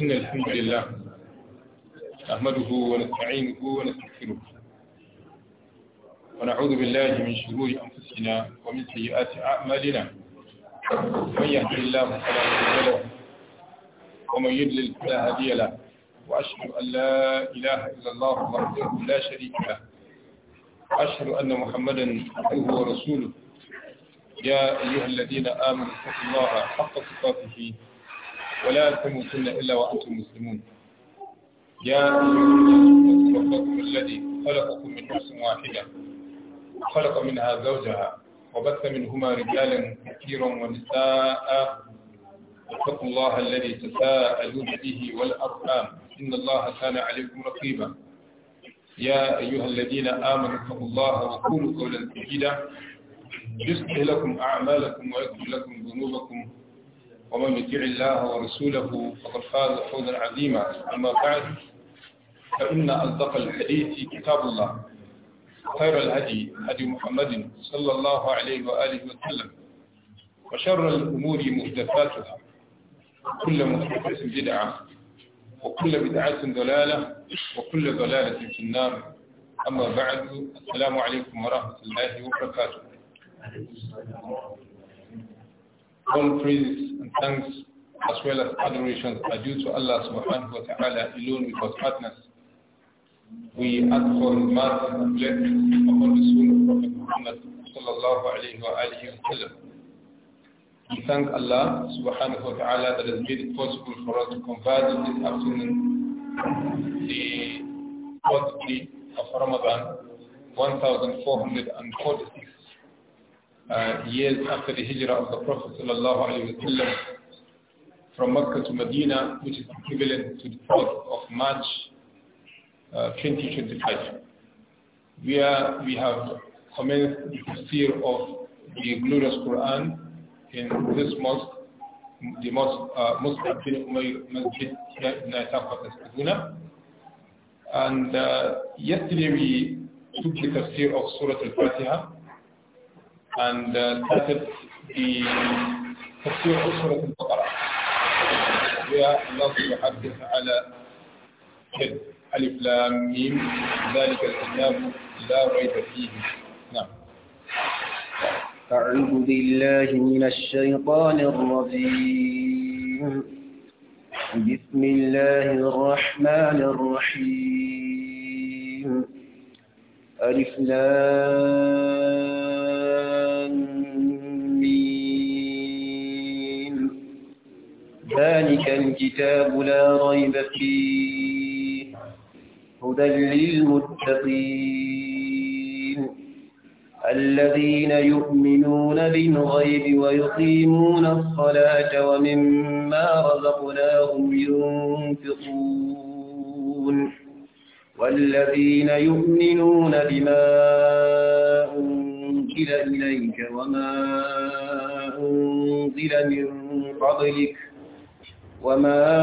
إن الحمد لله نحمده ونستعينه ونستغفره ونعوذ بالله من شرور أنفسنا ومن سيئات أعمالنا من يهدي الله فلا مضل له ومن يضلل فلا هادي له وأشهد أن لا إله إلا الله وحده لا شريك له أشهد أن محمدا عبده ورسوله يا أيها الذين آمنوا اتقوا الله حق تقاته ولا تموتن إلا وأنتم مسلمون يا أيها ربكم الذي خلقكم من نفس واحدة خلق منها زوجها وبث منهما رجالا كثيرا ونساء واتقوا الله الذي تساءلون به والأرحام إن الله كان عليكم رقيبا يا أيها الذين آمنوا اتقوا الله وقولوا قولا سديدا يصلح لكم أعمالكم ويغفر لكم ذنوبكم ومن يطيع الله ورسوله فقد فاز فوزا عظيما أما بعد فإن أصدق الحديث كتاب الله خير الهدي هدي محمد صلى الله عليه وآله وسلم وشر الأمور محدثاتها وكل محدثة بدعة وكل بدعة ضلالة وكل ضلالة في النار أما بعد السلام عليكم ورحمة الله وبركاته All praises and thanks as well as adoration are due to Allah subhanahu wa ta'ala alone without partners. We ask for mercy and blessings upon the soul of Prophet Muhammad sallallahu alayhi wa alihi wa sallam. We thank Allah subhanahu wa ta'ala that has made it possible for us to converge this afternoon the fourth day of Ramadan, 1446 uh, years after the hijrah of the Prophet وسلم, from Mecca to Medina, which is equivalent to the 4th of March uh, 2025, where we have commenced the tafsir of the glorious Quran in this mosque, the most uh, Muslim bin Umayr Masjid in Naitaqat Kaduna. And uh, yesterday we took the tafsir of Surah Al-Fatiha, and started the تفسير سورة البقرة يا الله subhanahu على حد ألف لام ميم ذلك الكتاب لا ريب فيه نعم أعوذ بالله من الشيطان الرجيم بسم الله الرحمن الرحيم ألف لام ذلك الكتاب لا ريب فيه هدى للمتقين الذين يؤمنون بالغيب ويقيمون الصلاة ومما رزقناهم ينفقون والذين يؤمنون بما أنزل إليك وما أنزل من قبلك وما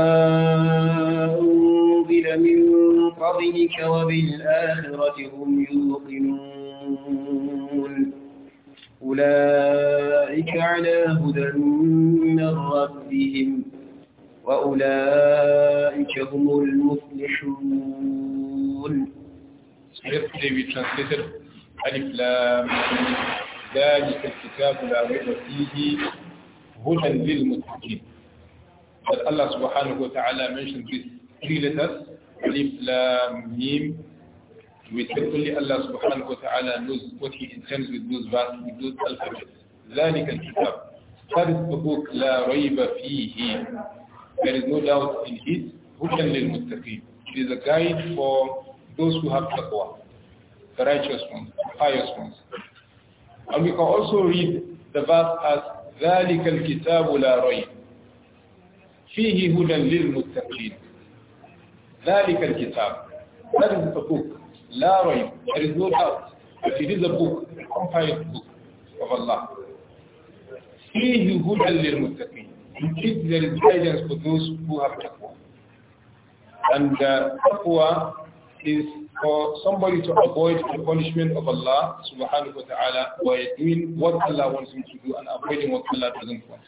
أنزل من قبلك وبالآخرة هم يوقنون أولئك على هدى من ربهم وأولئك هم المفلحون ألف لام ذلك الكتاب لا ريب فيه هدى للمتقين that Allah subhanahu wa ta'ala mentioned these three letters, Alif, Lam, Mim, Allah subhanahu wa ta'ala knows what he intends with those verses, with those alphabets. ذلك الكتاب That is the book لا ريب فيه There is no doubt in it. هدى للمتقين It is a guide for those who have taqwa, the righteous ones, the pious ones. And we can also read the verse as ذلك الكتاب لا ريب فيه هدى للمتقين ذلك الكتاب that is the book لا ريب there is no doubt that it is a book a compiled book of Allah فيه هدى للمتقين in it there is guidance for those who have taqwa and uh, taqwa is for somebody to avoid the punishment of Allah subhanahu wa ta'ala by doing what Allah wants him to do and avoiding what Allah doesn't want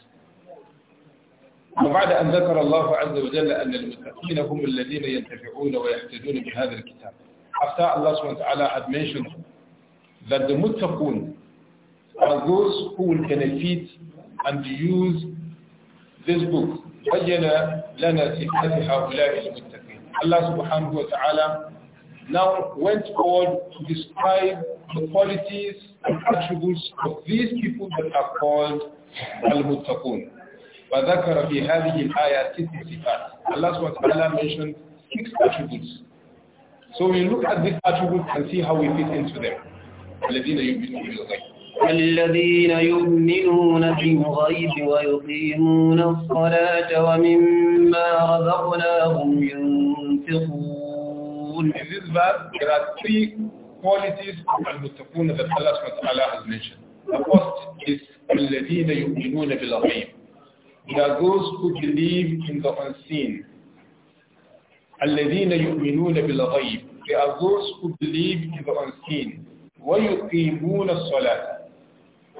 وبعد أن ذكر الله عز وجل أن المتقين هم الذين ينتفعون ويحتجون بهذا الكتاب after Allah subhanahu wa ta'ala had mentioned that the muttaqun are those who will benefit and use this book بين لنا صفات هؤلاء المتقين Allah subhanahu wa ta'ala now went on to describe the qualities and attributes of these people that are called al-muttaqun وذكر في هذه الآية ست صفات. Allah subhanahu wa mentioned six attributes. So we look at these attributes and see how we fit into them. الذين يؤمنون بالغيب الذين يؤمنون بالغيب ويقيمون الصلاة ومما رزقناهم ينفقون. In this verse, there are three qualities of al-muttaqun that Allah subhanahu wa ta'ala has mentioned. The first is الذين يؤمنون بالغيب. There are those who believe in the unseen. الَّذِينَ يُؤْمِنُونَ بِالْغَيْبِ They are those who believe in the unseen. وَيُقِيمُونَ الصَّلَاةِ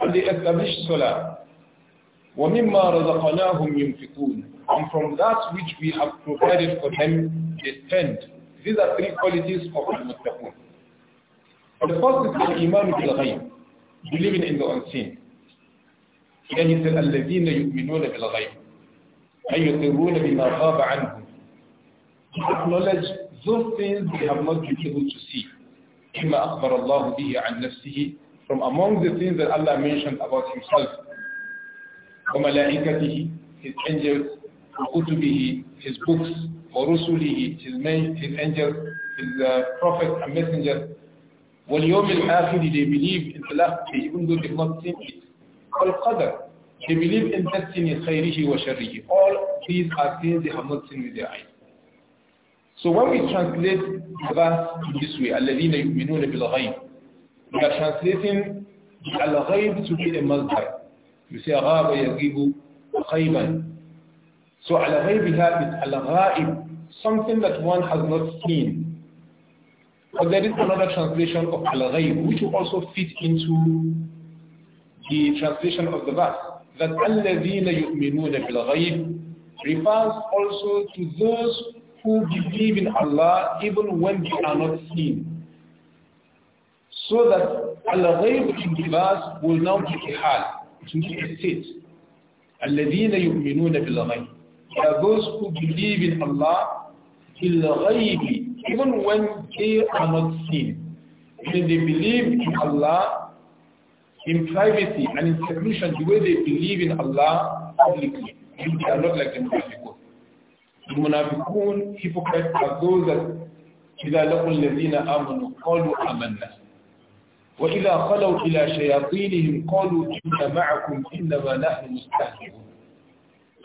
And they establish salah. وَمِمَّا رَزَقَنَاهُمْ يُنْفِقُونَ And from that which we have provided for them, they spend. These are three qualities of al-muttaqun. The first is the iman bil-ghayb, believing in the unseen. يجد الذين يؤمنون بالغيب أي يقرون بما غاب عنهم acknowledge those things they have not been able to see كما أخبر الله به عن نفسه from among the things that Allah mentioned about himself وملائكته his angels وكتبه his books ورسله his, men, his angels his uh, prophets and messengers واليوم الآخر they believe in the last day even though they have not seen it al-qadr. They believe in destiny, khayrihi wa sharrihi. All these are things they have not seen with their eyes. So when we translate the verse this way, الَّذِينَ يُؤْمِنُونَ بِالْغَيْبِ We are translating al to be a mazdar. You say غَابَ يَغِيبُ غَيْبًا So al-ghayb here something that one has not seen. But there is another translation of al-ghayb which will also fit into the translation of the verse that الَّذِينَ يُؤْمِنُونَ بِالْغَيْبِ refers also to those who believe in Allah even when they are not seen. So that al-ghayb in the verse will now be a hal, to be a state. الَّذِينَ يُؤْمِنُونَ بِالْغَيْبِ are those who believe in Allah بِالْغَيْبِ even when they are not seen. When they believe in Allah in privacy and in seclusion the way they believe in Allah publicly. They are not like the Munafiqun. The Munafiqun, hypocrites are those that إذا لقوا الذين آمنوا قالوا آمنا وإذا خلوا إلى شياطينهم قالوا معكم إنما نحن مستهزئون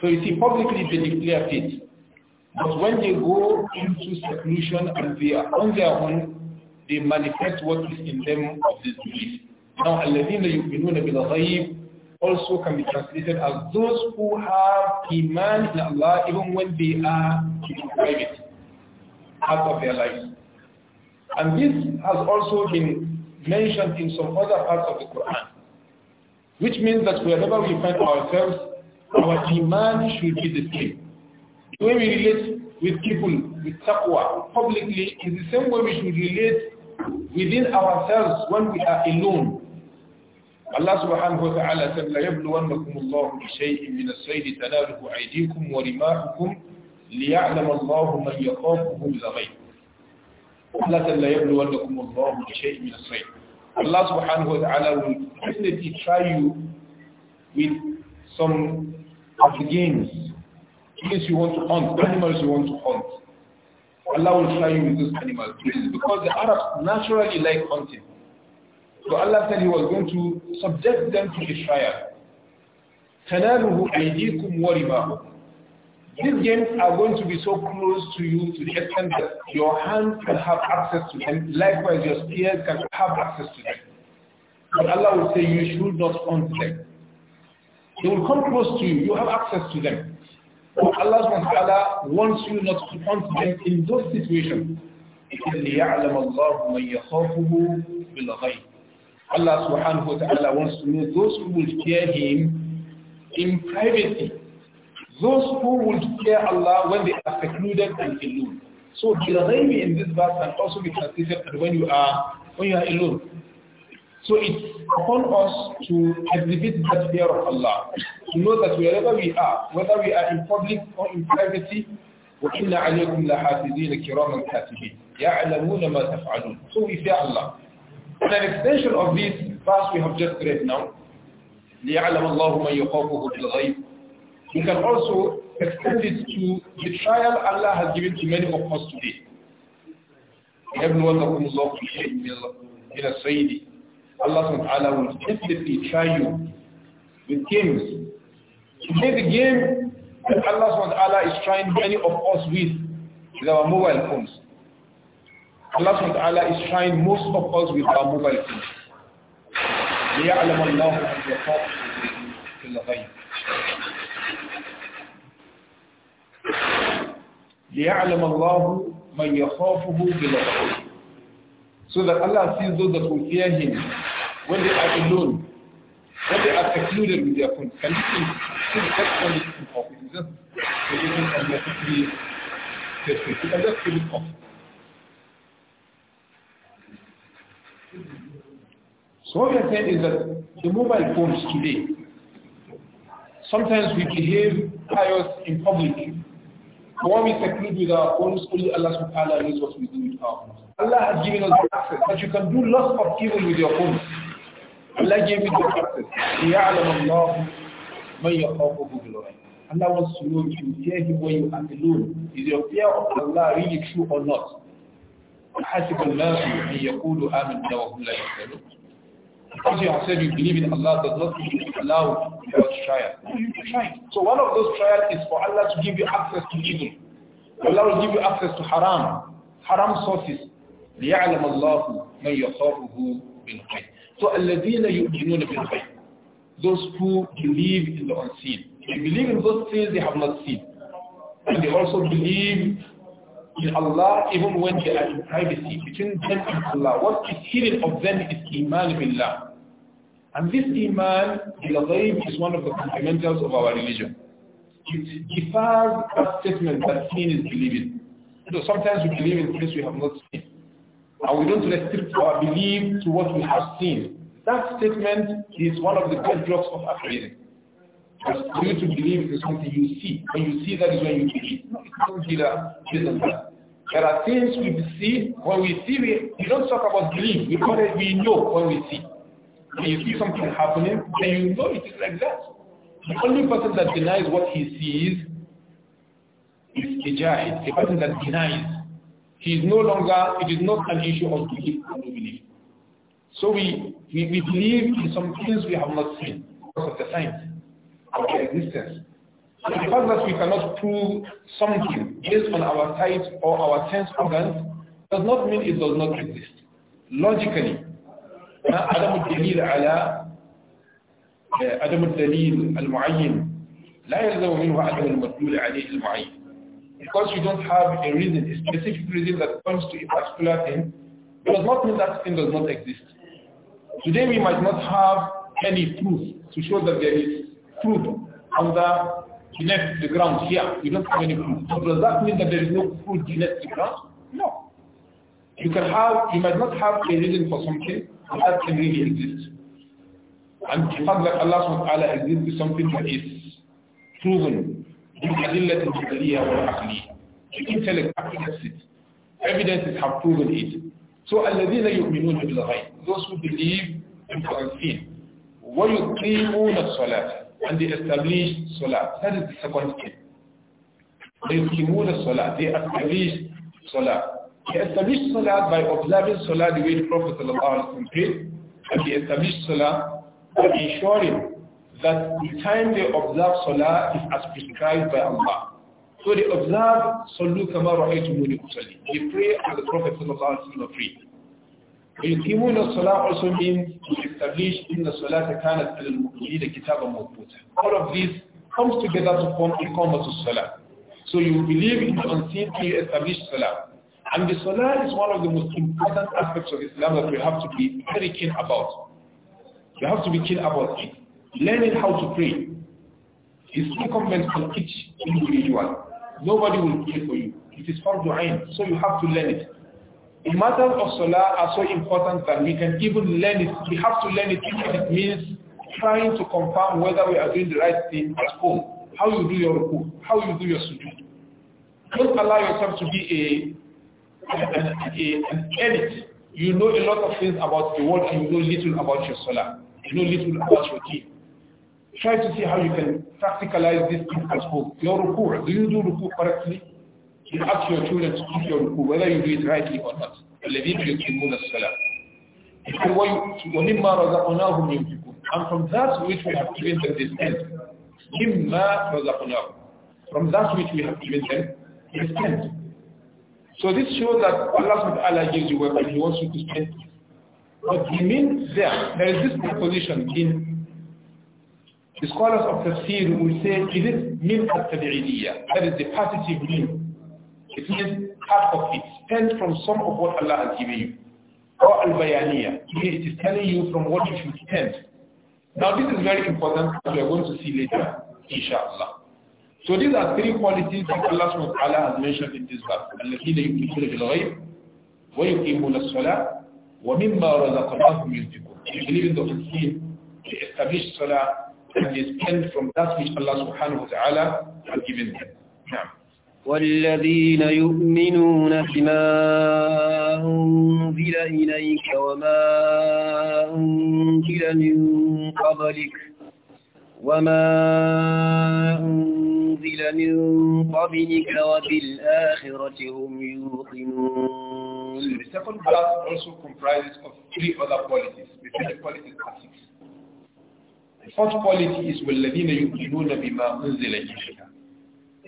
So you see, publicly they declare faith. But when they go into seclusion and they are on their own, they manifest what is in them of this belief. Now, الَّذِينَ يُؤْمِنُونَ بِالْغَيْبِ also can be translated as those who have Iman in Allah even when they are in private, part of their lives. And this has also been mentioned in some other parts of the Quran, which means that wherever we find ourselves, our Iman should be the same. The way we relate with people, with taqwa, publicly, is the same way we should relate within ourselves when we are alone الله سبحانه وتعالى قال ليبلونكم الله بشيء من السيد تناله أيديكم ورماحكم ليعلم الله من يخافه بالغيب الغيب الله لا يبلونكم الله بشيء من السيد Allah سبحانه وتعالى will definitely try you with some of the games, things you want to hunt, animals you want to hunt. Allah will try you with those animals because the Arabs naturally like hunting. So Allah said He was going to subject them to a trial. تَنَالُهُ أَيْدِيكُمْ وَرِمَاهُ These games are going to be so close to you to the extent that your hands can have access to them. Likewise, your spears can have access to them. But Allah will say, you should not hunt them. They will come close to you. You have access to them. But Allah SWT wants you not to hunt them in those situations. لِيَعْلَمَ اللَّهُ مَنْ يَخَافُهُ بِالْغَيْبِ Allah subhanahu wa ta'ala wants to know those who will fear him in privacy. Those who will fear Allah when they are secluded and alone. So Bilghaybi in this verse can also be translated when you are when you are alone. So it's upon us to exhibit that fear of Allah, to know that wherever we are, whether we are in public or in privacy, وَإِنَّ عَلَيْكُمْ لَحَافِظِينَ كِرَامًا كَاتِبِينَ يَعْلَمُونَ مَا تَفْعَلُونَ So we fear Allah. And an extension of this verse we have just read now, لِيَعْلَمَ اللَّهُ مَنْ يَخَافُهُ بِالْغَيْبِ We can also extend it to the trial Allah has given to many of us today. يَبْلُوَنَّكُمُ اللَّهُ مِنَ السَّيِّدِ Allah subhanahu will definitely try you with games. Today the game that Allah subhanahu is trying many of us with is our mobile phones. Allah subhanahu wa ta'ala is trying most of us with our mobile phones. ليعلم الله من يخافه بالغيب So that Allah sees those that will fear Him when they are alone, when they are secluded with their phones. Can you see? See, that's it's important. just it off. So what we are saying is that the mobile phones today, sometimes we behave pious in public. But we seclude with our phones, only Allah subhanahu wa ta'ala knows what we do with our phones. Allah has given us access that you can do lots of evil with your phones. Allah gave you the access. يَعْلَمَ اللَّهُ مَنْ يَخَافُهُ بِالْغَيْبِ Allah wants to know if you fear him when you are alone. Is your fear of Allah really true or not? حَسِبَ النَّاسُ أَنْ يَقُولُوا آمَنَّا وَهُمْ لَا يَحْتَلُونَ because you have said you believe in Allah does not mean allow your trial. You try. So one of those trials is for Allah to give you access to evil. Allah will give you access to haram, haram sources. ليعلم الله من يخافه بالغيب. So الذين يؤمنون بالغيب. Those who believe in the unseen. They believe in those things they have not seen. And they also believe in Allah even when they are in privacy between them and Allah. What is hidden of them is Iman billah. And this Iman bil-ghaib is one of the fundamentals of our religion. It defies a statement that seen is believing. So sometimes we believe in things we have not seen. And we don't restrict our belief to what we have seen. That statement is one of the bedrocks of atheism. For you to believe in something you see. When you see that is when you believe. No, it's not there are things we see. When we see, we, we don't talk about belief. We call it we know when we see. When you see something happening, then you know it is like that. The only person that denies what he sees is a giant. a person that denies. He is no longer, it is not an issue of belief or belief. So we, we, we believe in some things we have not seen because of the science of their existence the fact that we cannot prove something based on our sight or our sense organs does not mean it does not exist. Logically, عدم الدليل على عدم الدليل المعين لا يلزم منه عدم المدلول عليه المعين. Because you don't have a reason, a specific reason that points to a particular thing, does not mean that thing does not exist. Today we might not have any proof to show that there is truth under you left the ground here. You don't have any proof. So does that mean that there is no proof you left the ground? No. You can have, you might not have a reason for something, but that can really exist. And the fact that Allah taala exists is something that is proven. بالأدلة الجدلية The intellect accepts it. Evidences have proven it. So الذين يؤمنون بالغيب. Those who believe in the unseen. ويقيمون الصلاة and they established Salah. That is the second thing. They Yuqimuna Salah. They established Salah. They established Salah by observing Salah the way the Prophet prayed. And they established Salah by ensuring that the time they observe Salah is as prescribed by Allah. So they observe Sallu Kama Ra'aytumuni Usalli. They pray as the Prophet sallallahu prayed. يقيمون الصلاة also means to establish إن الصلاة كانت على المؤمنين كتابا موقوتا. All of these comes together to form إقامة الصلاة. So you believe in unseen and you establish Salah. And the Salah is one of the most important aspects of Islam that we have to be very keen about. You have to be keen about it. Learning how to pray is incumbent on each individual. Nobody will pray for you. It is to learn, so you have to learn it. The matters of Salah are so important that we can even learn it. We have to learn it even it means trying to confirm whether we are doing the right thing at home. How you do your ruku, how you do your sujud. Don't allow yourself to be a, an, a, an edit. You know a lot of things about the world and you know little about your Salah. You know little about your team. Try to see how you can practicalize this thing at home. Your ruku, do you do ruku correctly? You ask your children to keep your ruku, whether you do it rightly or not. الَّذِينَ يُقِيمُونَ الصَّلَاةِ He said, وَمِمَّا رَزَقْنَاهُمْ يُنْفِقُونَ And from that which we have given them this end, مِمَّا رَزَقْنَاهُمْ From that which we have given them this end. So this shows that Allah subhanahu gives you wealth and He wants you to spend. But He means there, there is this proposition in the scholars of tafsir will say, is it min al-tabi'idiyya? That is the passive meaning it means half of it. Spend from some of what Allah has given you. Or al-bayaniya. It is telling you from what you should spend. Now this is very important as we are going to see later, inshallah. So these are three qualities that Allah subhanahu wa ta'ala has mentioned in this verse. الَّذِينَ يُؤْمِنُونَ بِالْغَيْبِ وَيُقِيمُونَ الصَّلَاةَ وَمِمَّا رَزَقْنَاهُمْ يُنْفِقُونَ They believe in the unseen, they establish salah, and they spend from that which Allah subhanahu wa ta'ala has given them. Yeah. والذين يؤمنون بما أنزل إليك وما أنزل من قبلك وما أنزل من قبلك وبالآخرة هم يوقنون. The second class also comprises of three other qualities. The third quality is The fourth quality is وَالَّذِينَ يُؤْمِنُونَ بِمَا أُنزِلَ إِلَيْكَ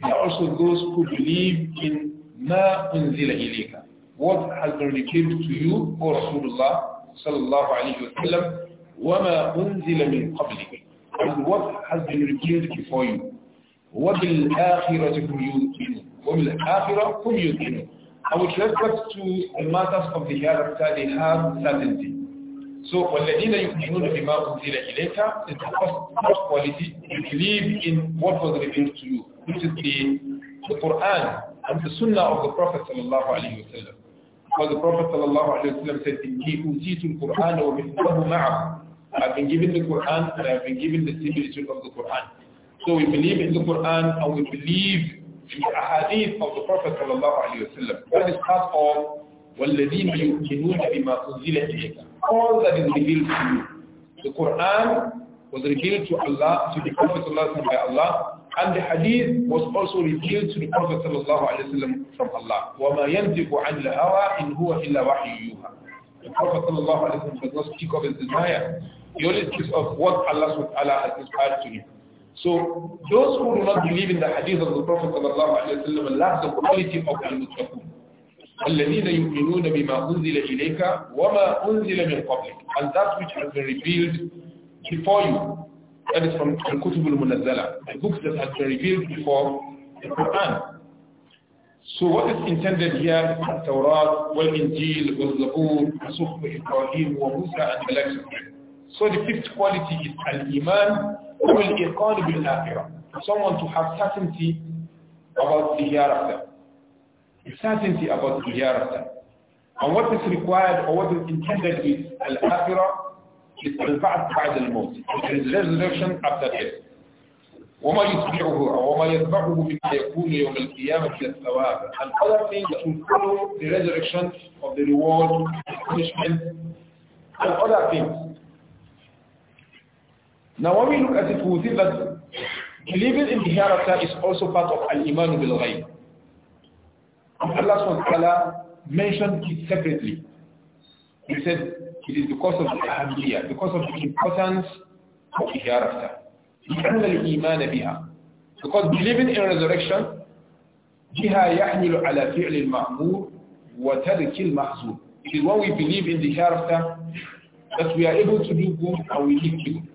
There are also those who believe in ma unzila ilayka, what has been revealed to you, O Rasulullah sallallahu alayhi wa sallam, وَمَا أُنزِلَ مِنْ قَبْلِكَ And what has been revealed before you. وَبِالْآخِرَةِ هُمْ يُؤْمِنُونَ وَبِالْآخِرَةِ هُمْ يُؤْمِنُونَ And with respect to the matters of the hereafter, they have certainty. So, وَالَّذِينَ يُؤْمِنُونَ بِمَا أُنْزِلَ إِلَيْكَ is the first, first quality. You believe in what was revealed to you, which is the, the Quran and the Sunnah of the Prophet sallallahu alaihi wasallam. Because the Prophet sallallahu alaihi wasallam said, إِنِّي أُوتِيتُ الْقُرْآنَ وَمِثْلَهُ مَعَهُ I've been given the Quran and I've been given the similitude of the Quran. So we believe in the Quran and we believe in the ahadith of the Prophet sallallahu alaihi wasallam. That is part of والذين يؤمنون بما أنزل إليك all that is revealed to you the Quran was revealed to Allah to the Prophet sallallahu by Allah and the Hadith was also revealed to the Prophet sallallahu from Allah وما ينطق عن الهوى إن هو إلا وحي the Prophet sallallahu does not speak of his desire he only speaks of what Allah ta'ala has inspired to him so those who do not believe in the Hadith of the Prophet sallallahu alaihi wasallam lack the quality of al-muttaqun الذين يؤمنون بما أنزل إليك وما أنزل من قبلك and that which has been revealed before you that is from Al-Kutub Al-Munazzala the books that has been revealed before the Quran so what is intended here is Tawrat, Wal-Injil, Wal-Zabur, Sukhba Ibrahim, Wa Musa and the likes of them so the fifth quality is Al-Iman Wal-Iqan Bil-Akhirah someone to have certainty about the hereafter the certainty about the hereafter. And what is required or what is intended is al-akhirah is al-ba'd ba'd al-maut. There is resurrection after death. وما يتبعه وما يتبعه مما يكون يوم القيامة من الثواب. Another thing that will follow the resurrection of the reward, punishment, and other things. Now when we look at it, we see that believing in the hereafter is also part of al-iman bil-ghayb. Allah mentioned it separately. He said it is because of the ahamiyyah, because of the importance of the hereafter. Because believing in resurrection, بها على فعل المأمور وترك المحظور. It is when we believe in the hereafter that we are able to do good and we live good.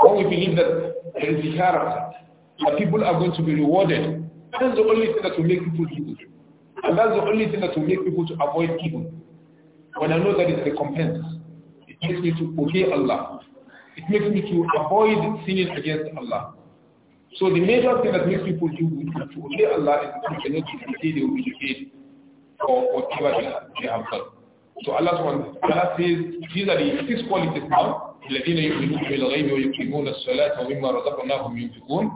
When we believe that there is the hereafter, that people are going to be rewarded that's the only thing that will make people evil. And that's the only thing that will make people to avoid evil. When I know that it's recompense, it makes me to obey Allah. It makes me to avoid sinning against Allah. So the major thing that makes people do good is to obey Allah is to cannot be they will be paid for whatever they have done. So Allah, Allah says, these are the six qualities now. الذين يؤمنون بالغيب ويقيمون الصلاة ومما رزقناهم ينفقون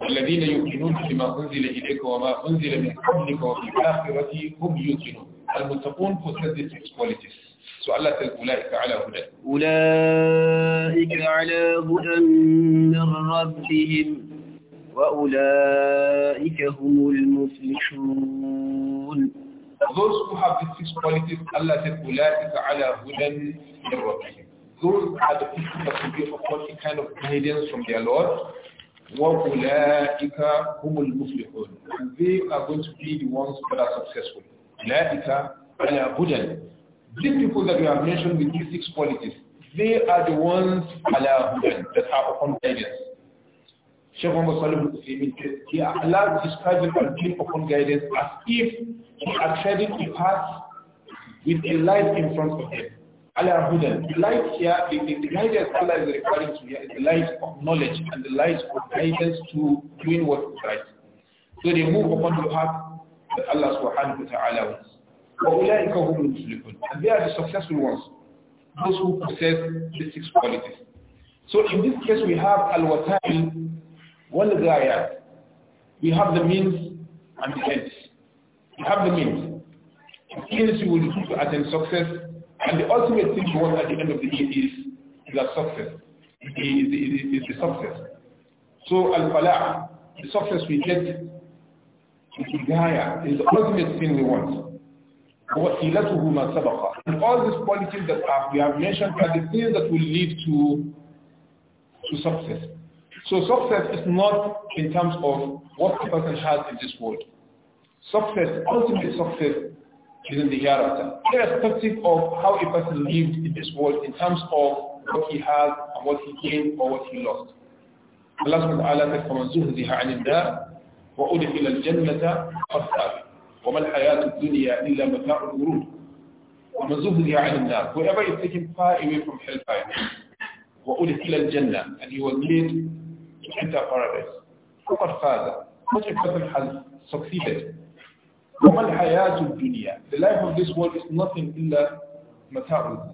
والذين يؤمنون بما أنزل إليك وما أنزل من قبلك وفي الآخرة هم يؤمنون المتقون فسدد إكواليتيس سؤالات أولئك على هدى أولئك على هدى من ربهم وأولئك هم المفلحون Those who have the six qualities, Allah said, أُولَٰئِكَ عَلَىٰ هُدًا مِنْ Those are the people that will be offered a kind of guidance from their Lord, وَأُولَٰئِكَ هُمُ الْمُفْلِحُونَ And they are going to be the ones that are successful. أُولَٰئِكَ عَلَى These people that we have mentioned with these six qualities, they are the ones عَلَى هُدًى that are upon guidance. Sheikh Muhammad Salim Hussein says, he allowed describing and being upon guidance as if he are treading a path with a light in front of him. Allah Hudan. The light here, the, the, the guidance Allah is referring to here is the light of knowledge and the light of guidance to doing what is right. So they move upon the path that Allah subhanahu wa ta'ala wants. And they are the successful ones, those who possess the six qualities. So in this case we have al-wasail, wal-ghayat. We have the means and the ends. We have the means. In case you will attain success, and the ultimate thing you want at the end of the day is, is a success. Is, is, is the success. So al-falah, the success we get Hidayah is the ultimate thing we want. And all these qualities that we have mentioned are the things that will lead to, to success. So success is not in terms of what the person has in this world. Success, ultimate success during the hereafter, irrespective of how a person lived in this world in terms of what he has and what he gained or what he lost. Allah subhanahu wa ta'ala وَأُدْخِلَ الْجَنَّةَ فَقَدْ وَمَا الْحَيَاةُ الدُّنْيَا إِلَّا مَتَاعُ الْغُرُورِ وَمَنْ زُهْزِهَا عَنِ النَّارِ Whoever is taken far away from hellfire, وَأُدْخِلَ الْجَنَّةَ and he was led to enter paradise. فَقَدْ فَازَ Such a person has succeeded. The life of this world is nothing illa mata'ul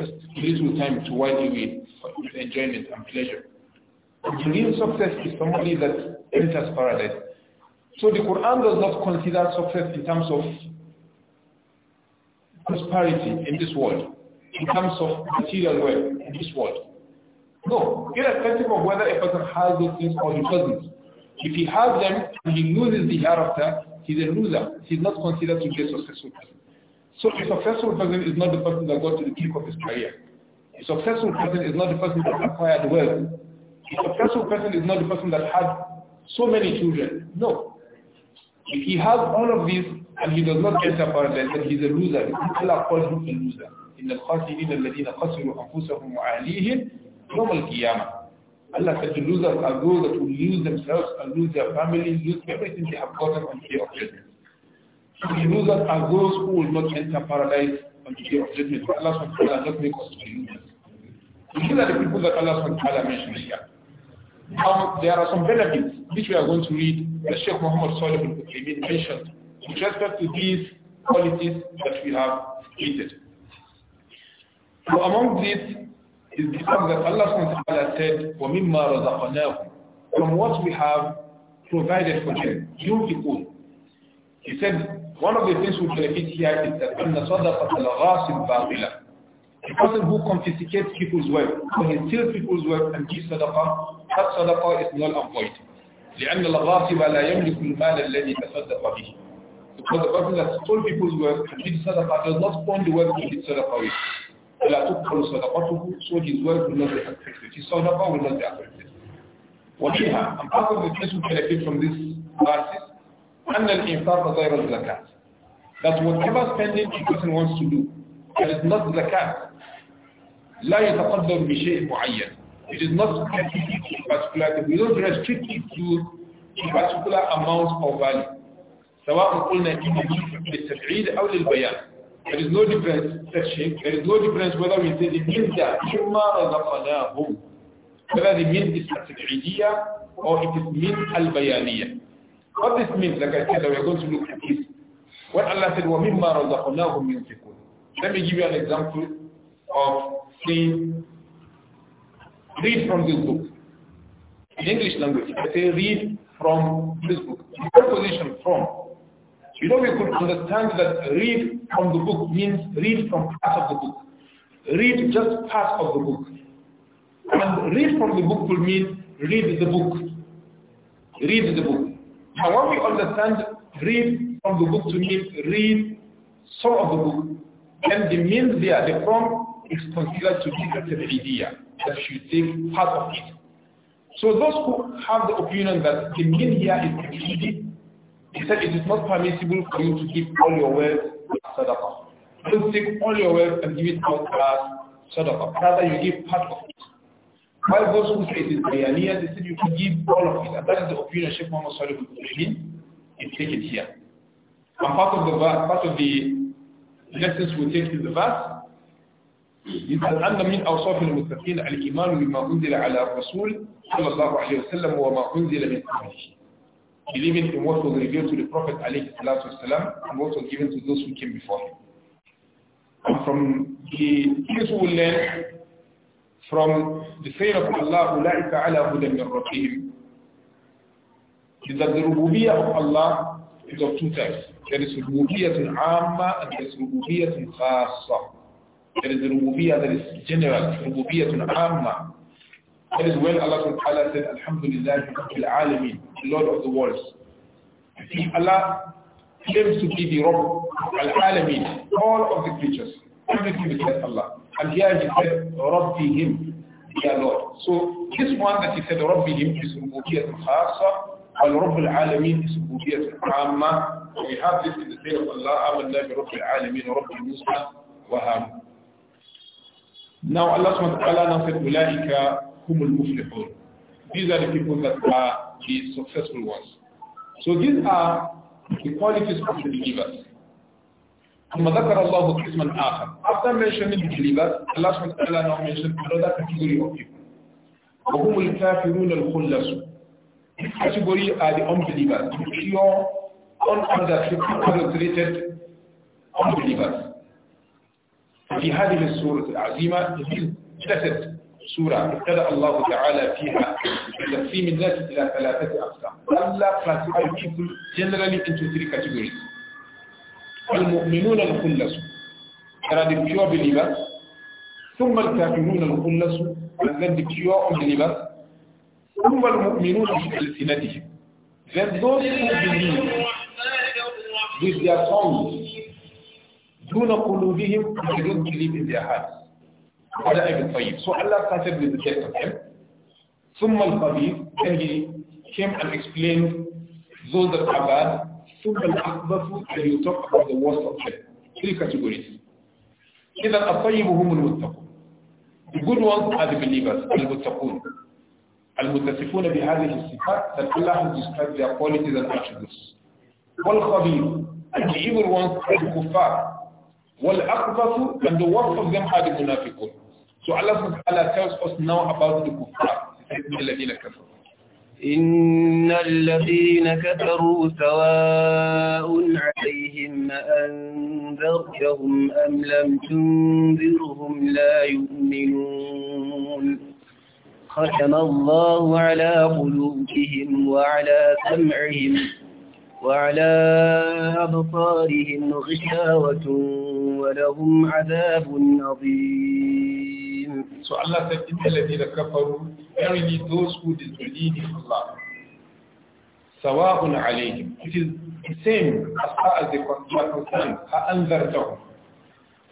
Just little time to while away with enjoyment and pleasure. The real success is somebody that enters paradise. So the Quran does not consider success in terms of prosperity in this world, in terms of material wealth in this world. No, irrespective of whether a person has those things or he doesn't. If he has them and he loses the hereafter, He's a loser. He's not considered to be a successful person. So a successful person is not the person that got to the peak of his career. A successful person is not the person that acquired wealth. A successful person is not the person that had so many children. No. If he has all of these and he does not enter paradise, then he's a loser. Allah calls him a loser. إن الخاسرين الذين خسروا أنفسهم وأهليهم يوم القيامة Allah said the losers are those that will lose themselves and lose their family, lose everything they have gotten on the day of judgment. So the losers are those who will not enter paradise on the day of judgment. But Allah subhanahu wa ta'ala not make us to be losers. These are the people that Allah subhanahu wa ta'ala mentioned here. Now, there are some benefits which we are going to read that Sheikh Muhammad Salih al-Qutaymin mentioned with respect to these qualities that we have stated. So among these is the fact that Allah SWT said, وَمِمَّا رَزَقَنَاهُمْ From what we have provided for them, يُنْفِقُونَ He said, one of the things we benefit here is that أَنَّ صَدَقَةَ الْغَاسِمْ بَاطِلًا The person who confiscates people's wealth, who so steals people's wealth and gives sadaqah, that sadaqah is null and void. لأن الغاصب لا يملك المال الذي تصدق به. Because the person that stole people's wealth and did sadaqah does not own the wealth he gives sadaqah with. فلا تقبل صدقته so his work will not be affected. His sadaqah will not What we have, and part of the lesson benefit from this basis, verses أن الإنفاق غير zakat. that whatever spending a person wants to do that is not zakat لا يتقدر بشيء معين it is not specific to particular we don't restrict it to a particular amount or value سواء قلنا إنه للتبعيد أو للبيان there is no difference, There is no difference whether we say the Milda, i am going whether the Mild is Al-Tid'idiyya or it is Mild Al-Bayaniyya. What this means, like I said, we are going to look at this. When Allah said, wa وَمِمَّا رَزَقْنَاهُمْ يُنْفِقُونَ Let me give you an example of saying, read from this book. In English language, I say read from this book. The preposition from you know, we could understand that read from the book means read from part of the book. Read just part of the book. And read from the book will mean read the book. Read the book. Now when we understand read from the book to mean read some of the book, then the means there, the form is considered to be the idea that should take part of it. So those who have the opinion that the mean here is the he said, it is not permissible for you to keep all your wealth as sadaqah. Don't take all your wealth and give it out as sadaqah. Rather, you give part of it. Why those who say it is bayaniya, they said you can give all of it. And that is the opinion of Sheikh Muhammad Salih al-Qurayhin is taken here. And part of the part of the lessons we take is the verse إذا أن من أوصاف المتقين الإيمان بما أنزل على الرسول صلى الله عليه وسلم وما أنزل من قبله believing in what was revealed to the Prophet والسلام, and what was given to those who came before him. And from the things we will learn from the saying of Allah, أُولَٰئِكَ عَلَىٰ is that the rububiyyah of Allah is of two types. There is rububiyyatun amma and there is rububiyyatun khassa. There is the rububiyyah that is general, rububiyyatun amma, that is when Allah subhanahu wa ta'ala said, Alhamdulillah, Rabbil Alameen, Lord of the worlds. Allah claims to be the Rabb Al-Alameen, all of the creatures. Everything is besides Allah. And here he said, "Rabbi Rabbihim, their Lord. So this one that he said, "Rabbi Him," is Rububiyyat al-Khasa, والرب alameen is Rububiyyat al-Amma. We have this in the day of Allah, Amallah bi Rabbil Alameen, Rabbil Musa, wa Now Allah subhanahu wa ta'ala said, أولئك humul muflihun. These are the people that are the successful ones. So these are the qualities of the believers. ثم ذكر الله قسما آخر. After mentioning the believers, Allah subhanahu wa ta'ala now mentioned another category of people. وهم الكافرون الخلص. This category are the unbelievers, the pure, unadulterated unbelievers. في هذه السورة العظيمة يجب جسد سورة ابتدأ الله تعالى فيها تقسيم الناس إلى ثلاثة أقسام ألا classify people generally into three categories المؤمنون الخلص كان دي بيو ثم الكافرون الخلص كان دي بيو ثم المؤمنون بألسنتهم Then those who believe with their tongues, do not believe him, they don't believe in their hearts. وبدأ بالطيب so Allah started with the best of them ثم الخبيث then he came and explained those that are bad ثم الأخبث and he talked about the worst of them three categories إذا الطيب هم المتقون the good ones are the believers المتقون المتصفون بهذه الصفات that Allah has described their qualities and attributes والخبيث and the evil ones are the kuffar وَالْأَقْفَةُ عند وصف worst of them are the So Allah subhanahu tells us now about the kuffar. الَّذِينَ كَفَرُوا إن الذين كفروا سواء عليهم أنذرتهم أم لم تنذرهم لا يؤمنون ختم الله على قلوبهم وعلى سمعهم وعلى أبصارهم غشاوة ولهم عذاب عظيم So Allah said, إِنَّ الَّذِينَ كَفَرُوا Verily those who disbelieve in Allah سَوَاءٌ عَلَيْهِمْ It is the same as far as the Quran concerned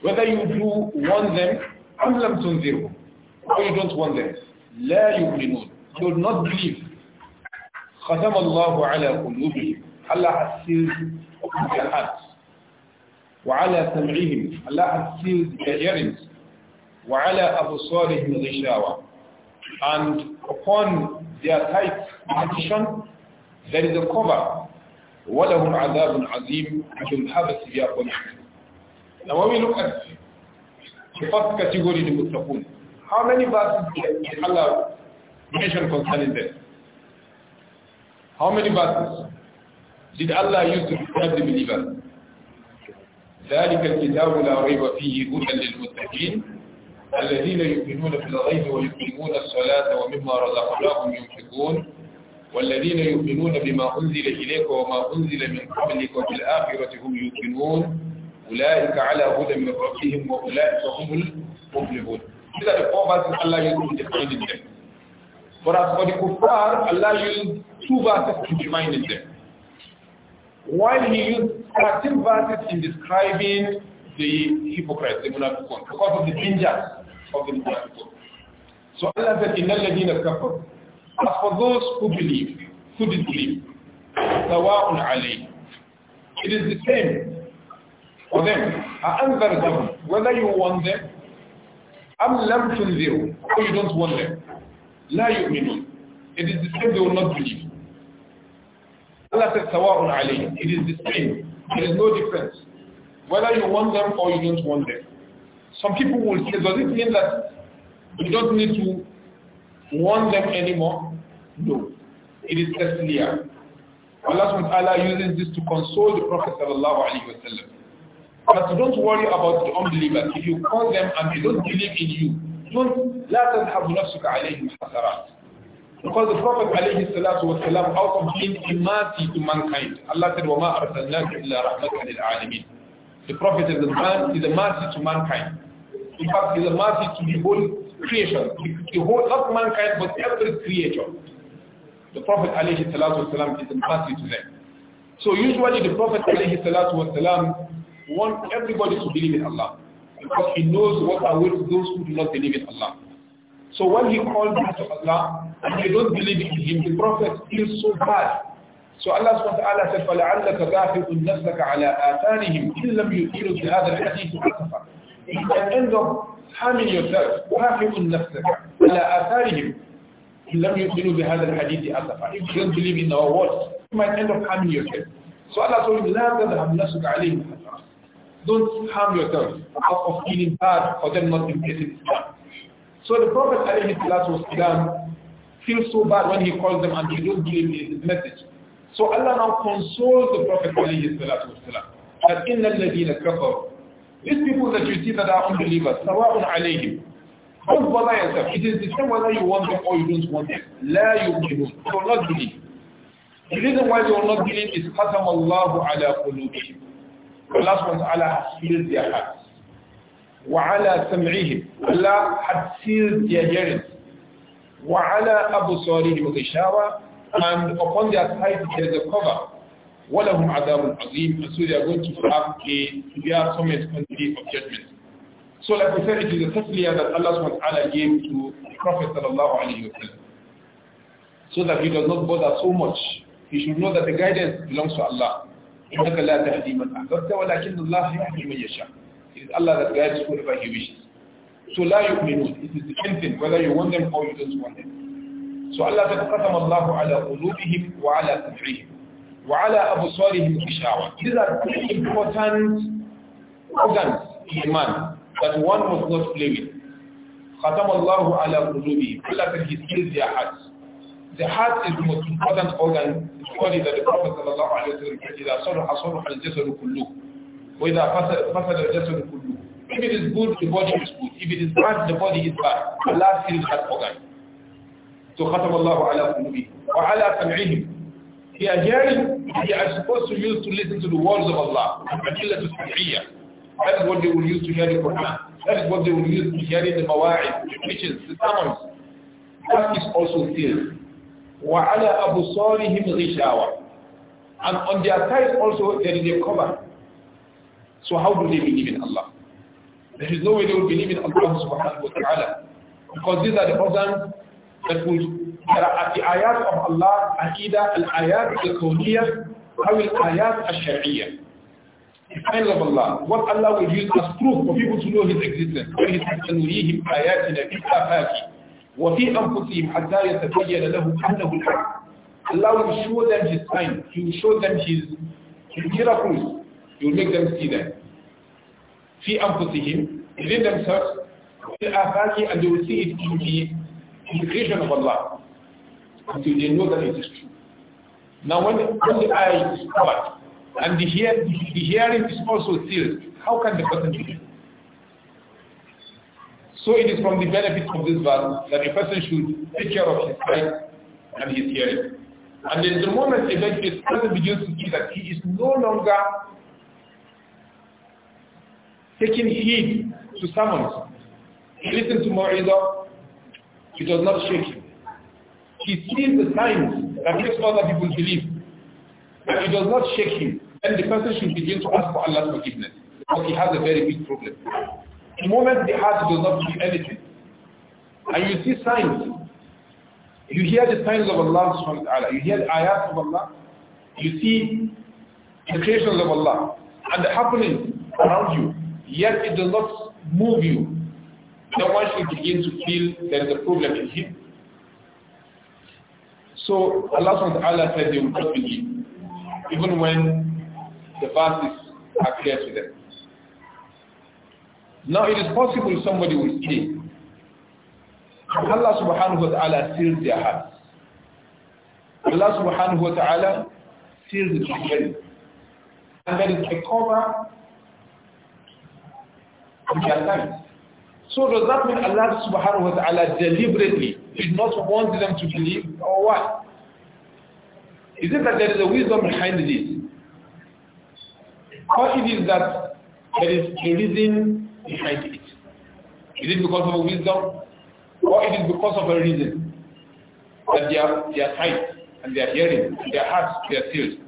Whether you do warn them أَمْ لَمْ تُنذِرْهُمْ Or you don't warn them لَا يُؤْمِنُونَ You will not believe ختم الله على قلوبهم Allah has sealed their hearts. وعلى سمعهم Allah has sealed their earrings. وعلى أبصارهم غشاوة And upon their tight condition, there is a cover. ولهم عذاب عظيم and will have a severe punishment. Now when we look at the first category, the how many verses did Allah mention concerning them? How many verses? Did Allah use to describe the believers? ذلك الكتاب لا ريب فيه هدى للمتقين الذين يؤمنون بالغيب ويقيمون الصلاة ومما رزقناهم ينفقون والذين يؤمنون بما أنزل إليك وما أنزل من قبلك وفي الآخرة هم يؤمنون أولئك على هدى من ربهم وأولئك هم المفلحون إذا are the four verses Allah used to define them. But as for the kuffar, Allah used two verses to define them. While he used 13 verses in describing the hypocrites, the munafiqun, because of the danger of the munafiqun. So Allah said, إِنَّ الَّذِينَ كَفَرُوا As for those who believe, who disbelieve, سَوَاءٌ عَلَيْهِ It is the same for them. them, Whether you want them, am لَمْ تُنذِرُوا Or you don't want them. لَا mean It is the same, they will not believe. Allah said, Sawa'un alayhim. It is the same. There is no difference. Whether you want them or you don't want them. Some people will say, does it mean that you don't need to want them anymore? No. It is clear. Allah subhanahu uses this to console the Prophet sallallahu But don't worry about the unbelievers. If you call them and they don't believe in you, don't, لا تذهب نفسك عليهم حسرات. Because the Prophet alayhi salatu was salam out of him to mankind. Allah said, وَمَا أَرْسَلْنَاكَ إِلَّا رَحْمَةً لِلْعَالَمِينَ The Prophet is a, man, is a mercy to mankind. In fact, he's a mercy to the whole creation. The whole, not mankind, but every creature. The Prophet alayhi salatu was salam is a mercy to them. So usually the Prophet alayhi salatu was salam wants everybody to believe in Allah. Because he knows what awaits those who do not believe in Allah. So when he called them to Allah, and they don't believe in him, the Prophet feels so bad. So Allah SWT said, فَلَعَلَّكَ ذَاهِبٌ نَفْسَكَ عَلَىٰ آثَارِهِمْ إِن لَمْ يُؤْمِنُوا بِهَذَا الْحَدِيثِ أَسَفًا You can end up harming yourself, ذَاهِبٌ نَفْسَكَ عَلَىٰ آثَارِهِمْ إِن لَمْ يُؤْمِنُوا بِهَذَا الْحَدِيثِ أَسَفًا If you don't believe in our words, you might end up harming yourself. So Allah told him, لَا تَذْهَبْ نَفْسُكَ عَلَيْهِمْ Don't harm yourself out of feeling bad for them not embracing Islam. So the Prophet والسلام, feels so bad when he calls them and they don't give him his message. So Allah now consoles the Prophet والسلام, that إِنَّ الَّذِينَ كَفَرُوا These people that you see that are unbelievers, سَوَاءٌ عَلَيْهِمْ Don't bother yourself. It is the same whether you want them or you don't want them. لَا يُؤْمِنُونَ They will not believe. The reason why they will not believe is قَسَمَ اللَّهُ عَلَى one Allah has filled their hearts. وعلى سمعهم Allah had sealed وعلى أبصارهم and upon their sight there is a cover ولهم عذاب عظيم and so they are going to have a their summit on the day of judgment so like we said it is a tasliya that Allah SWT gave to the Prophet sallallahu alayhi wa sallam so that he does not bother so much he should know that the guidance belongs to Allah إنك لا تهدي من أحببت ولكن الله يهدي من يشاء it is Allah that guides whoever He wishes. So la yu'minun. It is dependent whether you want them or you don't want them. So Allah said, قَسَمَ اللَّهُ عَلَى قُلُوبِهِمْ وَعَلَى سَمْعِهِمْ وَعَلى أَبْصَارِهِمْ غِشَاوَةٌ These are three important organs in man that one must not play with. خَتَمَ اللَّهُ عَلى قُلُوبِهِمْ Allah said, He seals their hearts. The heart is the most important organ the body that the Prophet ﷺ said, إِذَا صَرُحَ صَرُحَ الْجَسَرُ كُلُّهُ whether وإذا or just الجسد كله if it is good, the body is good. If it is bad, the body is bad. Allah seals that organ. So khatam Allahu ala qulubi wa ala sam'ihim. They are hearing, they are supposed to use to listen to the words of Allah. That is what they will use to hear the Quran. That is what they will use to hear the mawa'id, the preachings, the sermons. That is also sealed. Wa ala abusarihim ghishawa. And on their sides also there is a cover. So how do they believe in Allah? There is no way they will believe in Allah subhanahu wa ta'ala. Because these are the organs that will there are the ayat of Allah are either al-ayat al-kawniya or al-ayat al-shari'iyya. The signs of Allah, what Allah will use as proof for people to know His existence. When He says, سَنُرِيهِمْ آيَاتِنَا فِي الْآفَاقِ وَفِي أَنفُسِهِمْ حَتَّى يَتَبَيَّنَ لَهُمْ أَنَّهُ الْحَقِّ Allah will show them His sign. He will show them His miracles. You make them see that. Fi him within themselves, and they will see it in the, in the creation of Allah until they know that it is true. Now when the, when the eye is covered and the, hear, the hearing is also sealed, how can the person do it? So it is from the benefit of this verse that a person should take care of his sight and his hearing. And in the moment in which this person begins to see that he is no longer taking heed to someone, listen to Moriza, it does not shake him. He sees the signs that makes other people believe. And it does not shake him. Then the person should begin to ask for Allah's forgiveness. Because he has a very big problem. The moment the heart does not do anything, and you see signs, you hear the signs of Allah subhanahu wa ta'ala, you hear the ayat of Allah, you see the creations of Allah, and the happenings around you, yet it does not move you, then one should begin to feel there is a problem in him. So Allah SWT said they will not believe, even when the verses are clear to them. Now it is possible somebody will say, Allah subhanahu wa ta'ala seals their hearts. Allah subhanahu wa ta'ala seals the hearing. And there is a cover in their lives. So does that mean Allah subhanahu wa ta'ala deliberately did not want them to believe or what? Is it that there is a wisdom behind this? Or it is that there is a reason behind it? Is it because of a wisdom? Or it is because of a reason that they are, they are tight and they are hearing, and their hearts, they are sealed.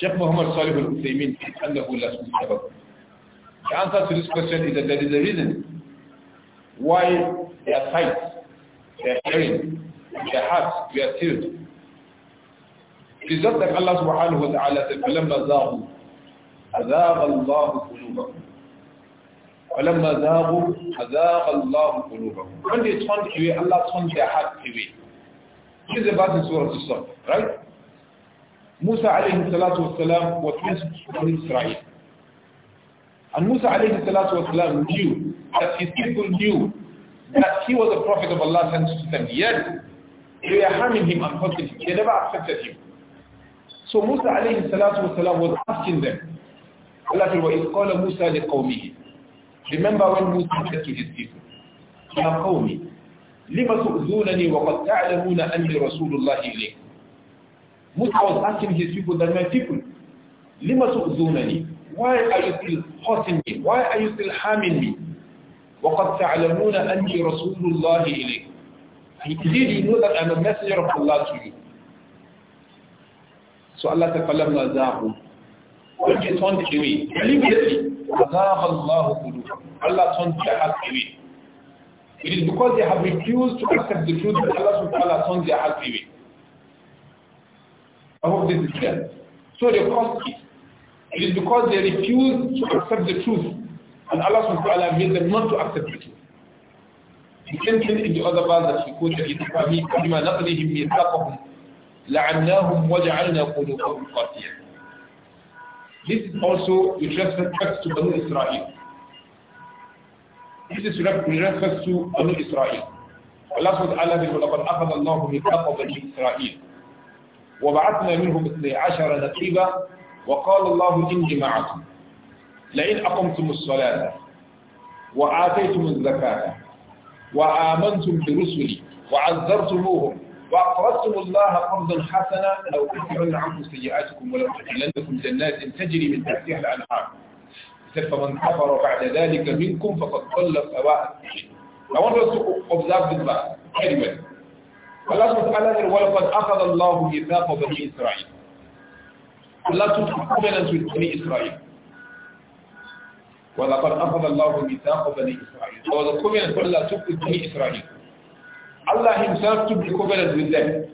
Sheikh Muhammad Salih al the answer to this question is that there is a reason why their sight, their hearing, their hearts were sealed. It is just that Allah subhanahu wa ta'ala said, فَلَمَّا زَاغُوا أَذَاغَ اللَّهُ قُلُوبَهُمْ فَلَمَّا زَاغُوا أَذَاغَ اللَّهُ قُلُوبَهُم When they turned away, Allah turned their heart away. This is about the Surah Al-Saf, right? Musa alayhi salatu was sent to Israel. And Musa alayhi salatu wasalam knew that his people knew that he was a prophet of Allah sent to them. Yet, they were harming him unfortunately. They never accepted him. So Musa alayhi salatu wasalam was asking them, Allah said, وَإِذْ قَالَ مُوسَى لِقَوْمِهِ Remember when Musa said to his people, يَا قَوْمِ لِمَ تُؤْذُونَنِي وَقَدْ تَعْلَمُونَ أَنِّي رَسُولُ الله إِلَيْكُمْ Musa was asking his people that my people, لِمَ تُؤْذُونَنِي why are you still hurting me? Why are you still harming me? وَقَدْ تَعْلَمُونَ أَنِّي رَسُولُ اللَّهِ إِلَيْكُمْ Indeed, you know that I'm a messenger of Allah to you. So Allah تَفَلَمْ وَزَاهُمْ When they turned away, immediately, وَزَاهَ اللَّهُ قُلُوبَهُمْ Allah turned their heart away. It is because they have refused to accept the truth that Allah subhanahu wa ta'ala turned their heart away. I hope this is clear. So they caused it. It is because they refuse to accept the truth. And Allah subhanahu wa ta'ala made them not to accept the truth. The same thing in the other verse that we quoted in Ibrahim, بما نقلهم ميثاقهم لعناهم وجعلنا قلوبهم قاسية. This is also with reference to Banu Israel. This is with reference to Banu Israel. Allah subhanahu wa ta'ala said, اللَّهُ مِيثَاقَ بَنِي إِسْرَائِيلَ وَبَعَثْنَا مِنْهُمْ نَقِيبًا وقال الله إني معكم لئن أقمتم الصلاة وآتيتم الزكاة وآمنتم برسلي وعذرتموهم وأقرضتم الله قرضا حسنا لو أكفرن عنكم سيئاتكم ولو ولأدخلنكم جنات تجري من تحتها الأنهار فمن كفر بعد ذلك منكم فقد ضل سواء السبيل want us to observe وَلَقَدْ أَخَذَ اللَّهُ مِيثَاقَ بَنِي إِسْرَائِيلَ Allah took covenant with Bani Israel. وَلَقَدْ أَخَذَ اللَّهُ مِيثَاقَ بَنِي إِسْرَائِيلَ There was a covenant Allah took with Bani Israel. Allah himself took the covenant with them.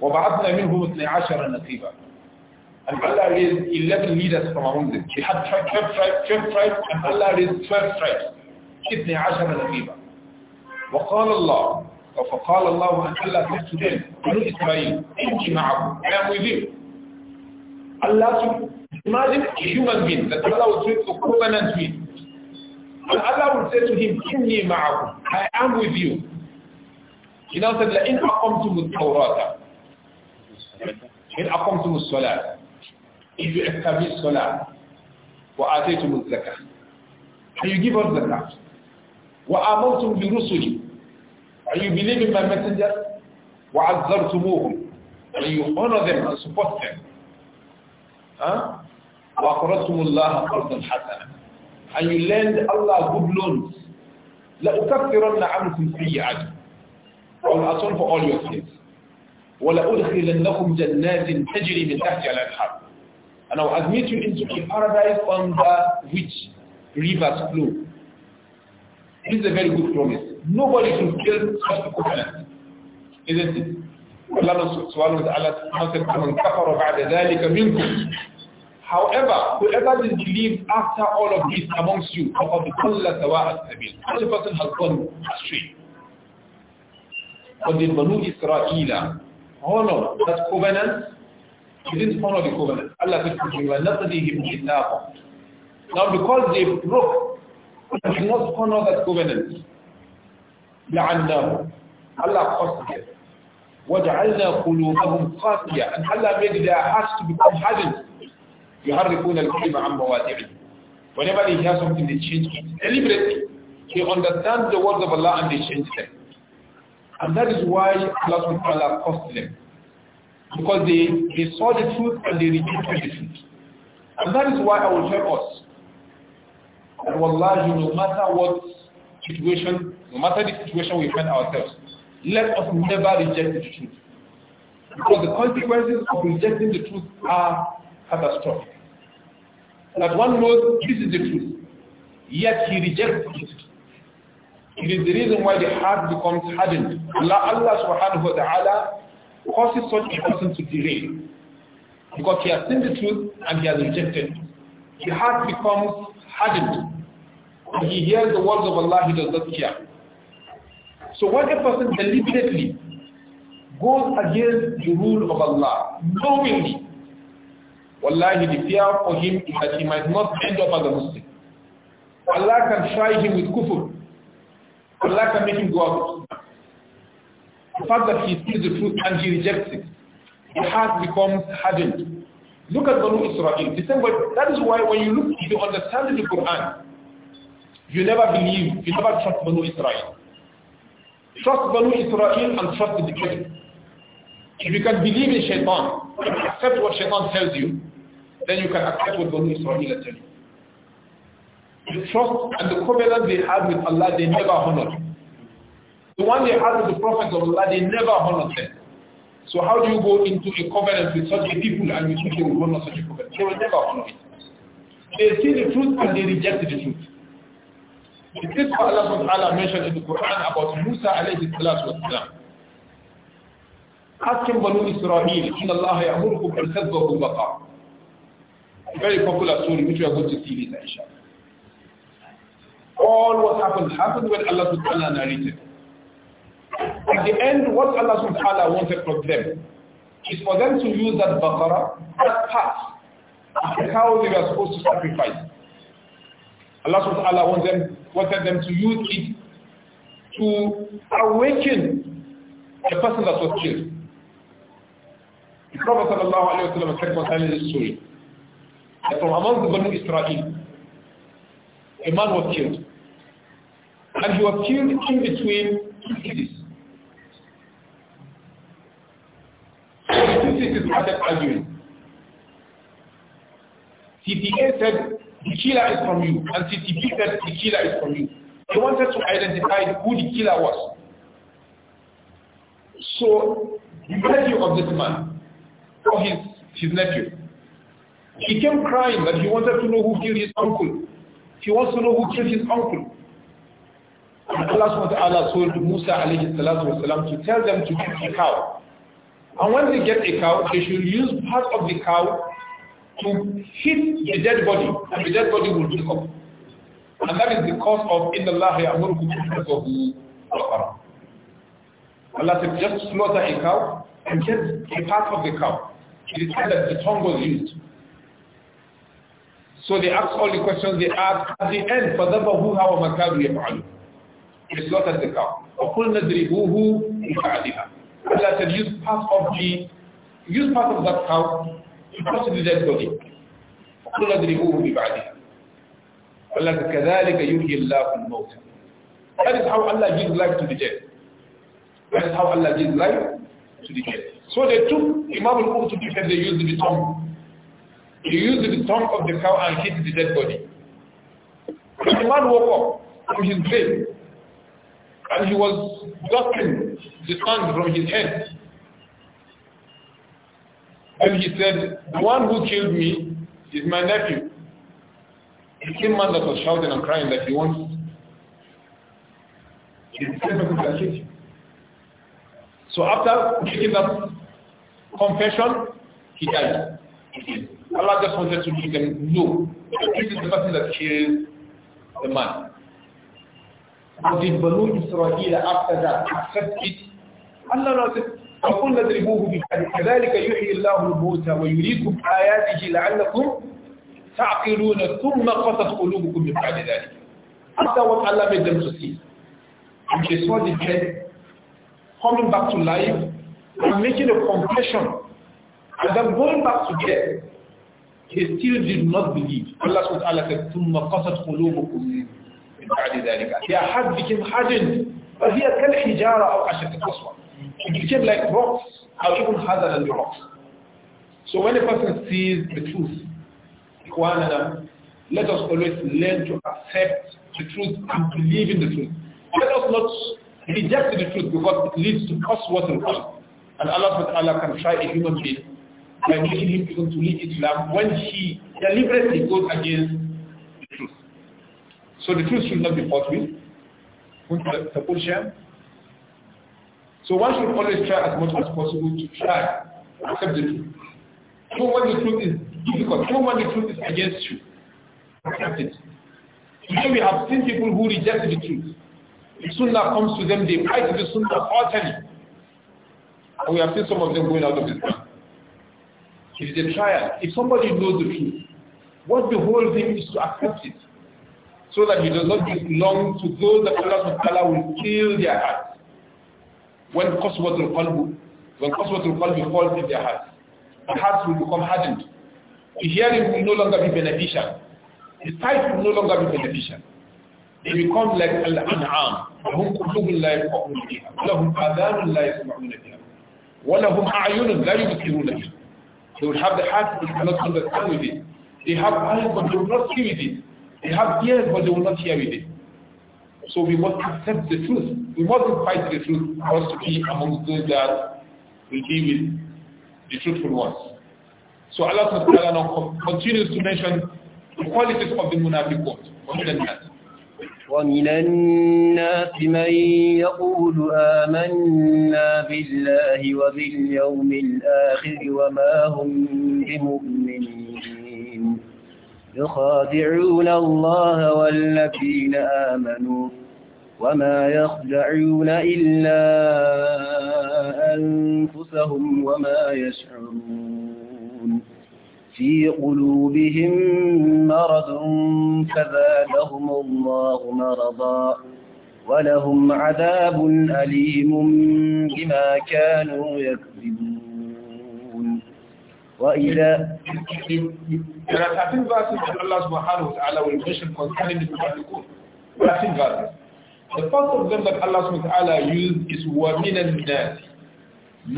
وَبَعَثْنَا مِنْهُمْ 12 نَقِيبًا And Allah raised 11 leaders from among them. They had 12 tribes, 12 tribes, and Allah raised 12 tribes. 12 نقيبًا وقال الله فقال الله أن الله تحت them بني إسرائيل إني معكم I am with you Allah imagine a human being that Allah would to a covenant with. And Allah would say to him, Inni ma'akum, I am with you. He now said, لَإِنْ أَقَمْتُمُ التَّوْرَاةَ إِنْ أَقَمْتُمُ salat. If you establish salah, وَآتَيْتُمُ zakah, And you give Zakah? us zakat. وَآمَنْتُمْ بِرُسُلِي And you believe in my messengers, وَعَذَّرْتُمُوهُمْ And you honor them and support them. وَأَقْرَضْتُمُ اللَّهَ قَرْضًا حَسَنًا And you lend Allah good loans. لَأُكَفِّرَنَّ عَنْكُمْ سَيِّئَاتِكُمْ I will for all your sins. أدخلنكم جَنَّاتٍ تَجْرِي مِنْ تَحْتِهَا الْأَنْهَارُ And I will admit you into a paradise under which rivers flow. This is a very good promise. Nobody can kill such a covenant, isn't it? Allah subhanahu wa ta'ala answered, بعد ذلك ba'da However, whoever disbelieves after all of this amongst you, فَقَدْ قَلَّ سَوَاءَ السَّبِيلِ Only person has gone astray. But the Banu Israel honor that covenant. He didn't honor the covenant. Allah said to him, وَنَقْدِهِمْ كِتَابًا Now because they broke, they did not honor that covenant. لَعَنَّهُ Allah caused them. وَجَعَلْنَا قُلُوبَهُمْ قَاسِيَةً And Allah made their hearts to become hardened. يُحَرِّقُونَ الْكَلِمَ عَنْ مَوَاضِعِهِ Whenever they hear something, they change it deliberately. They understand the words of Allah and they change them. And that is why Allah subhanahu caused them. Because they, they saw the truth and they rejected the truth. And that is why I will tell us that wallahi, no matter what situation, no matter the situation we find ourselves, let us never reject the truth. Because the consequences of rejecting the truth are catastrophic. That one knows this is the truth, yet he rejects it. It is the reason why the heart becomes hardened. Allah, Allah subhanahu wa ta'ala causes such a person to delay. Because he has seen the truth and he has rejected it. The heart becomes hardened. When he hears the words of Allah, he does not care. So when a person deliberately goes against the rule of Allah, knowingly, wallahi, the fear for him is that he might not end up as a Muslim. Allah can try him with kufr. Allah can make him go out. The fact that he sees the truth and he rejects it, his heart becomes hardened. Look at Banu Israel. The same way, that is why when you look, you understand the Quran, you never believe, you never trust Banu Israel. Trust Banu Israel and trust the devil. If you can believe in Shaitan, accept what Shaitan tells you, then you can accept what Banu Israel tells you. The trust and the covenant they had with Allah, they never honored. The one they had with the prophets of Allah, they never honored them. So how do you go into a covenant with such a people and you think they will honor such a covenant? They will never honor it. They see the truth and they reject the truth. It is what Allah subhanahu wa ta'ala mentioned in the Quran about Musa alayhi salatu wasalam. Ask him Banu Israel, Allah, اللَّهَ يَأْمُرُكُمْ أَنْ تَذْبَحُوا بَقَرًا A very popular story which we are going to see later, inshallah. All what happened happened when Allah subhanahu wa ta'ala narrated. At the end, what Allah subhanahu wa ta'ala wanted from them is for them to use that baqarah, that part, how they were supposed to sacrifice. Allah subhanahu wa ta'ala wants them, wanted them to use it to awaken the person that was killed. The Prophet sallallahu alayhi wa said concerning this story that from among the Banu Israel, a man was killed. And he was killed in between two cities. So the two cities started arguing. CPA said the killer is from you. And since he picked that the killer is from you, he wanted to identify who the killer was. So the nephew of this man, or his, his nephew, he came crying that he wanted to know who killed his uncle. He wants to know who killed his uncle. And Allah SWT told Musa alayhi to tell them to get a cow. And when they get a cow, they should use part of the cow to hit the dead body, and the dead body will wake up. And that is the cause of in Allah ya'murukum an Allah said, just slaughter a cow and get a part of the cow. It is said that the tongue was used. So they ask all the questions they ask At the end, "For فَذَبَهُهَا وَمَكَابُ يَفْعَلُ They slaughtered the cow. وَقُلْنَا ذْرِبُوهُ بِفَعْلِهَا Allah said, use part of the, use part of that cow يقصد ذلك اضربوه ببعده قال لك كذلك يحيي الله That is how Allah gives life to the dead. how Allah gives life to the dead. So they took Imam al-Qurtubi and they used the tongue. They used the tongue of the cow and hit the dead body. the man woke up from his grave and he was dusting the sand from his head and he said, the one who killed me is my nephew. The same man that was shouting and crying that he wants So after making that confession, he died. Allah just wanted to make them know this is the person that killed the man. But did Banu Israel after that accept it? Allah said, فقلنا اضربوه بجهل كذلك يحيي الله الموتى ويريكم آياته لعلكم تعقلون ثم قصت قلوبكم من بعد ذلك After what Allah made them to see, and they saw the dead coming back to life and making a confession and then going back to death, they still did not believe. Allah subhanahu wa ta'ala said, ثُمَّ قَصَتْ قُلُوبُكُمْ مِنْ بَعْدِ ذَلِكَ Their heart became hardened, but here كَالْحِجَارَ أَوْ أَشَدَ قَصْوَةً It became like rocks, or even harder than the rocks. So when a person sees the truth, one another, let us always learn to accept the truth and believe in the truth. Let us not reject the truth because it leads to cost what will And Allah Allah can try a human being by making him even to leave Islam when he deliberately goes against the truth. So the truth should not be fought with. So one should always try as much as possible to try accept the truth. So when the truth is difficult, so when the truth is against you, accept it. Today we have seen people who reject the truth. The sunnah comes to them, they fight the sunnah utterly. And we have seen some of them going out of Islam. It is a trial. If somebody knows the truth, what the whole thing is to accept it so that he does not belong to those that Allah will kill their hearts when qaswatul qalb when qaswatul qalb falls in their hearts the hearts will become hardened the hearing will no longer be beneficial the sight will no longer be beneficial they become like al-an'am lahum qulubun la yafqahuna biha lahum adhanun la yasma'una biha wa lahum a'yunun la yubsiruna biha they will have the heart but cannot understand with it they have eyes but they will not see with it they have ears but they will not hear with it so we must accept the truth. We mustn't fight the truth for us to be among those that will be with the truthful ones. So Allah subhanahu continues to mention the qualities of the munafiqun. ومن الناس من يقول آمنا بالله وباليوم الآخر وما هم بمؤمنين يخادعون الله والذين آمنوا وما يخدعون إلا أنفسهم وما يشعرون في قلوبهم مرض فزادهم الله مرضا ولهم عذاب أليم بما كانوا يكذبون وإذا There are 13 verses that Allah subhanahu wa ta'ala will mention concerning the Quran. 13 verses. The first of them that Allah subhanahu wa ta'ala used is وَمِنَ النَّاسِ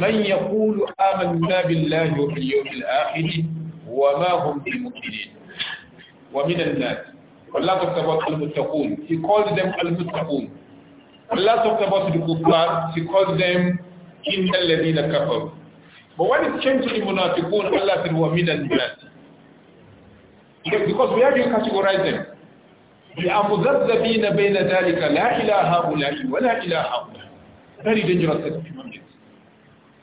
مَنْ يَقُولُ آمَنَّا بِاللَّهِ وَفِي الْيَوْمِ الْآخِرِ وَمَا هُمْ بِمُؤْمِنِينَ وَمِنَ النَّاسِ Allah talks about al He calls them al Allah talks about the kuffar. He calls them إِنَّ الَّذِينَ كَفَرُوا But when it came to the munafiqun, Allah said, وَمِنَ النَّاسِ Because we do you categorize them? لِأَمُذَذَّبِينَ بَيْنَ ذَلِكَ لَا إِلَىٰ هَؤُلَاءِ وَلَا إِلَىٰ هَؤُلَاءِ Very dangerous set of human beings.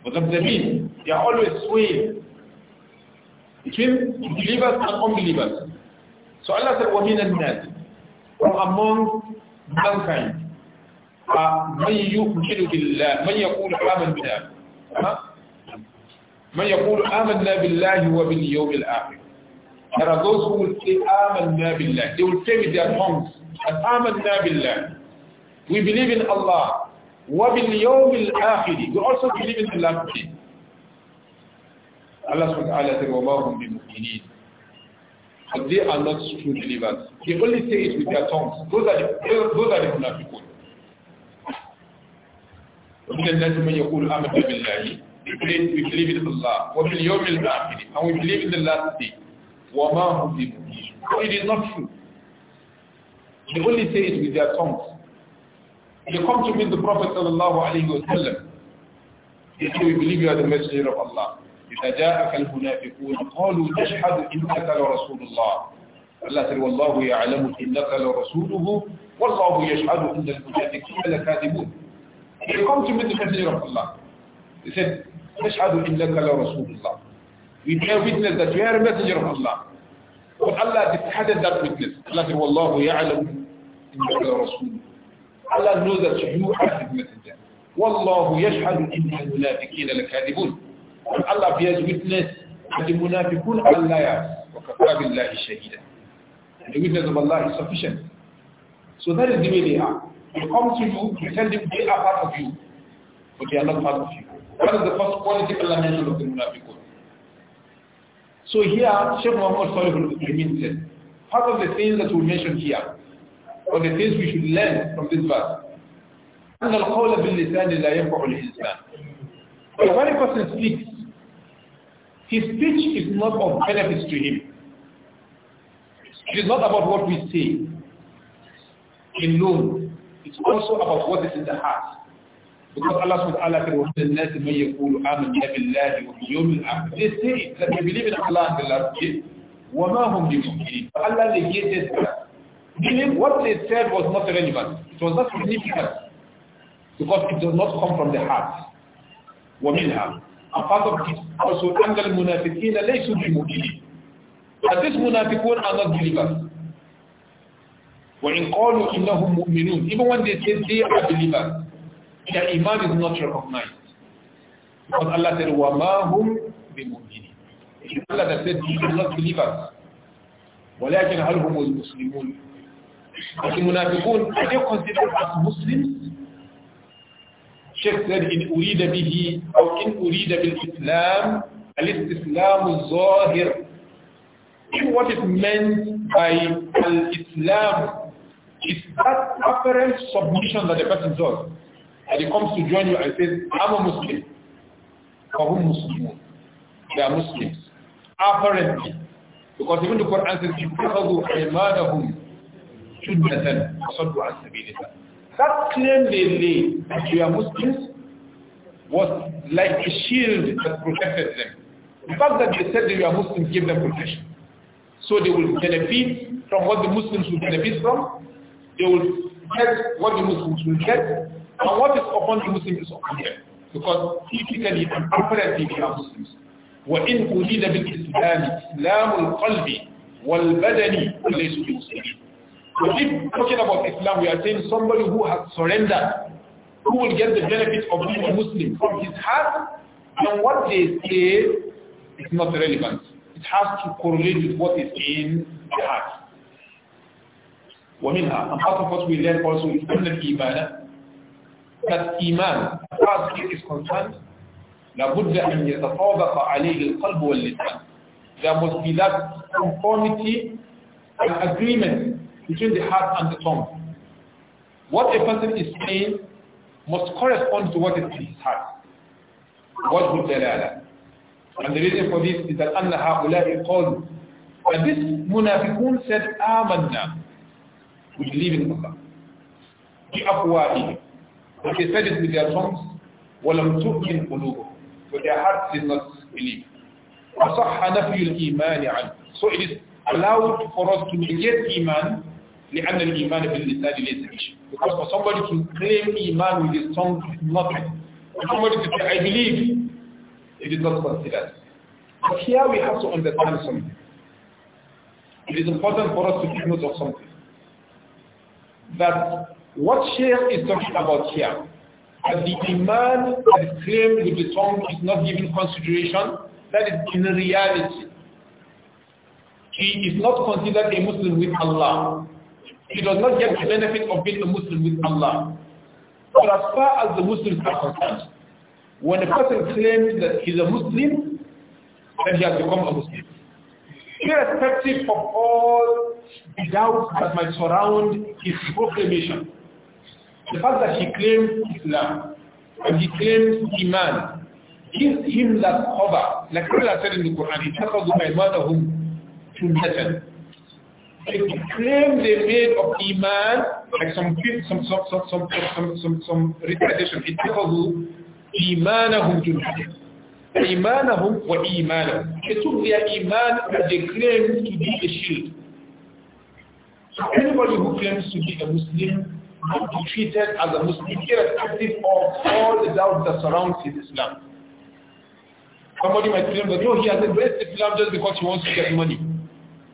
Muzabzabin, they are always swaying between believers and unbelievers. So Allah said, وَمِنَ النَّاسِ From among mankind, مَنْ يُؤْمِنُ بِاللَّهِ مَنْ يَقُولُ آمَنْ بِاللَّهِ من يقول آمنا بالله وباليوم الآخر There are those who will say آمنا بالله. They will say with their tongues, آمنا بالله. We believe in Allah. وباليوم الآخر. We also believe in the last day. Allah subhanahu wa ta'ala said, وَمَا هُمْ بِمُؤْمِنِينَ But they are not true believers. They only say it with their tongues. Those are the, those are the people ومن الناس من يقول آمنا بالله We believe, we believe in Allah. What will you الْآخِرِ And we believe in the last day. وَمَا هُمْ بِمُؤْمِنِينَ It is not true. They only say it with their tongues. They come to meet the Prophet sallallahu alayhi wa sallam. They say, we believe you are the messenger of Allah. إذا جاءك المنافقون قالوا تشهد إنك لرسول الله الله said والله يعلم إنك لرسوله والله يشهد إن المنافقين لكاذبون They come to meet the messenger of Allah. They said, نشهد إنك لرسول الله we bear witness that you are a messenger of Allah but Allah discarded that witness Allah said والله يعلم إنك لرسول Allah knows that you are his messenger والله يشهد إن المنافقين لكاذبون and Allah bears witness that the munafiqun are liars وكفى بالله شهيدا and the witness of Allah is sufficient so that is the way they are they come to you pretending they are part of you but they are not part of you. That is the first quality Allah mentioned of the Munafiqun. So here, Sheikh Muhammad Salih al said, part of the things that we mentioned here, or the things we should learn from this verse, أن القول باللسان لا ينفع الإنسان. When a person speaks, his speech is not of benefit to him. It is not about what we say alone. It's also about what is in the heart. Because Allah subhanahu wa ta'ala said, وَمِنَ النَّاسِ They say that they believe in Allah and the last day. وَمَا هُمْ بِمُؤْمِنِينَ Allah negated that. what they said was not relevant. It was not significant. Because it does not come from the heart. وَمِنْهَا a part of it also, أَنَّ الْمُنَافِقِينَ لَيْسُوا بِمُؤْمِنِينَ That these munafiqun are not believers. وَإِنْ قَالُوا إِنَّهُمْ مُؤْمِنُونَ Even when they say they are believers, their Imam is not recognized. Because Allah said, وَمَا هُمْ بِمُؤْمِنِينَ It is Allah that said, you are not believe believers. وَلَكِنْ هَلْ هُمُ الْمُسْلِمُونَ But the munafiqun, are they considered as Muslims? Sheikh said, إِنْ أُرِيدَ بِهِ أو إِنْ أُرِيدَ بِالْإِسْلَامِ الْإِسْلَامُ الظَّاهِرُ If what is meant by al-Islam is that apparent submission that the person does, and he comes to join you and says, I'm a Muslim. whom Muslim. They are Muslims. Apparently. Because even the Quran says, اتخذوا عبادهم شدة وصدوا That claim they made that you are Muslims was like a shield that protected them. The fact that they said that you are Muslims gave them protection. So they will benefit from what the Muslims will benefit from. They will get what the Muslims will get. And what is upon the Muslims is upon them. Because typically and apparently they are Muslims. وإن أريد بالإسلام إسلام القلب والبدن ليس بمسلمين. So if talking about Islam, we are saying somebody who has surrendered, who will get the benefit of being a Muslim from his heart, and what they say is not relevant. It has to correlate with what is in the heart. ومنها, and part of what we learn also is أن الإيمان فالإيمان iman, as far لابد أن يتطابق عليه القلب واللسان. There must be that conformity and agreement between the heart and the tongue. What a person is saying must correspond to what is in his heart. وجه الدلالة. And the reason for this is that أن هؤلاء قالوا And this munafiqun said, آمنا. We believe in Allah. بأفواههم But they said it with their tongues, وَلَمْ تُؤْمِنْ قُلُوبُهُم But their hearts did not believe. وَصَحَّ نَفْيُ الْإِيمَانِ عَنْهُ So it is allowed for us to negate Iman لأن الإيمان باللسان ليس Because for somebody to claim Iman with his tongue is nothing. For somebody to say, I believe, it is not considered. But here we have to understand something. It is important for us to take note of something. That what share is talking about here, that the iman that is claimed with the tongue is not given consideration, that is in reality. He is not considered a Muslim with Allah. He does not get the benefit of being a Muslim with Allah. But as far as the Muslims are concerned, when a person claims that he's a Muslim, then he has become a Muslim. Irrespective of all the doubts that might surround his proclamation, the fact that he claims Islam and he claims Iman gives him that cover. Like Allah said in the Quran, he tells my mother whom to better. The claim they made of Iman, like some some some some some some some, some retardation, it tells إيمانهم imanahum, إيمانهم وإيمانهم They took their iman that they claimed to be a shield. So anybody who claims to be a Muslim not be treated as a Muslim irrespective of all the doubts that surround his Islam. Somebody might claim that, no, he has embraced Islam just because he wants to get money.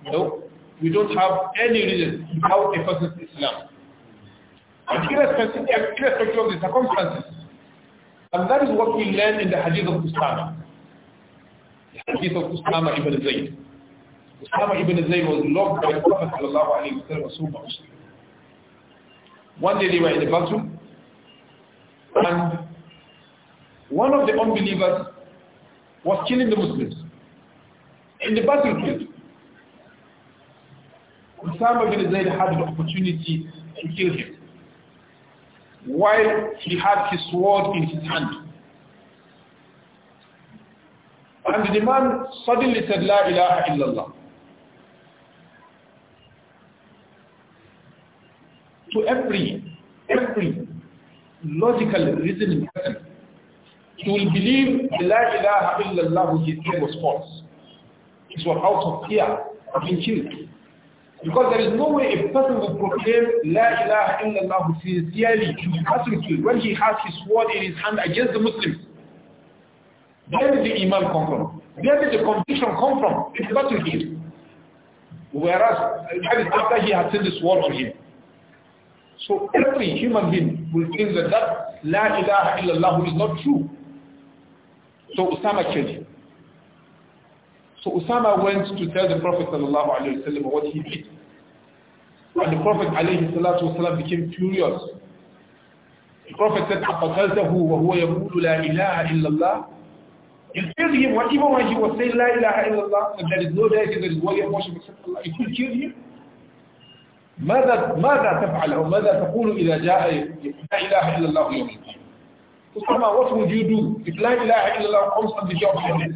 No, we don't have any reason to doubt a person's Islam. And irrespective, irrespective of the circumstances. And that is what we learn in the Hadith of Usama. The Hadith of Usama ibn Zayd. Usama ibn Zayd was loved by the Prophet sallallahu alayhi wa one day they were in the bathroom and one of the unbelievers was killing the Muslims in the battlefield. Osama bin Zayd had the opportunity to kill him while he had his sword in his hand. And the man suddenly said, La ilaha illallah. to every, every logical reasoning person, he will believe the La ilaha illallah he said was false. It was out of fear of being killed. Because there is no way a person will proclaim La ilaha illallah sincerely to be persecuted when he has his sword in his hand against the Muslims. Where did the Imam come from? Where did the conviction come from? It's not with him. Whereas, that is after he had seen this sword on him. So every human being will think that that La ilaha illallah is not true. So Usama killed him. So Usama went to tell the Prophet sallallahu ﷺ what he did. And the Prophet alayhi ﷺ became furious. The Prophet said, أَقَتَلْتَهُ وَهُوَ يَقُولُ لَا إِلَهَ إِلَّا اللَّهِ You killed him, even when he was saying La ilaha illallah, and there is no deity, there is no worship except Allah, you could kill him. ماذا ماذا تفعل أو ماذا تقول إذا جاء لا إله إلا الله يوم القيامة So what would you do if La ilaha illallah comes on the day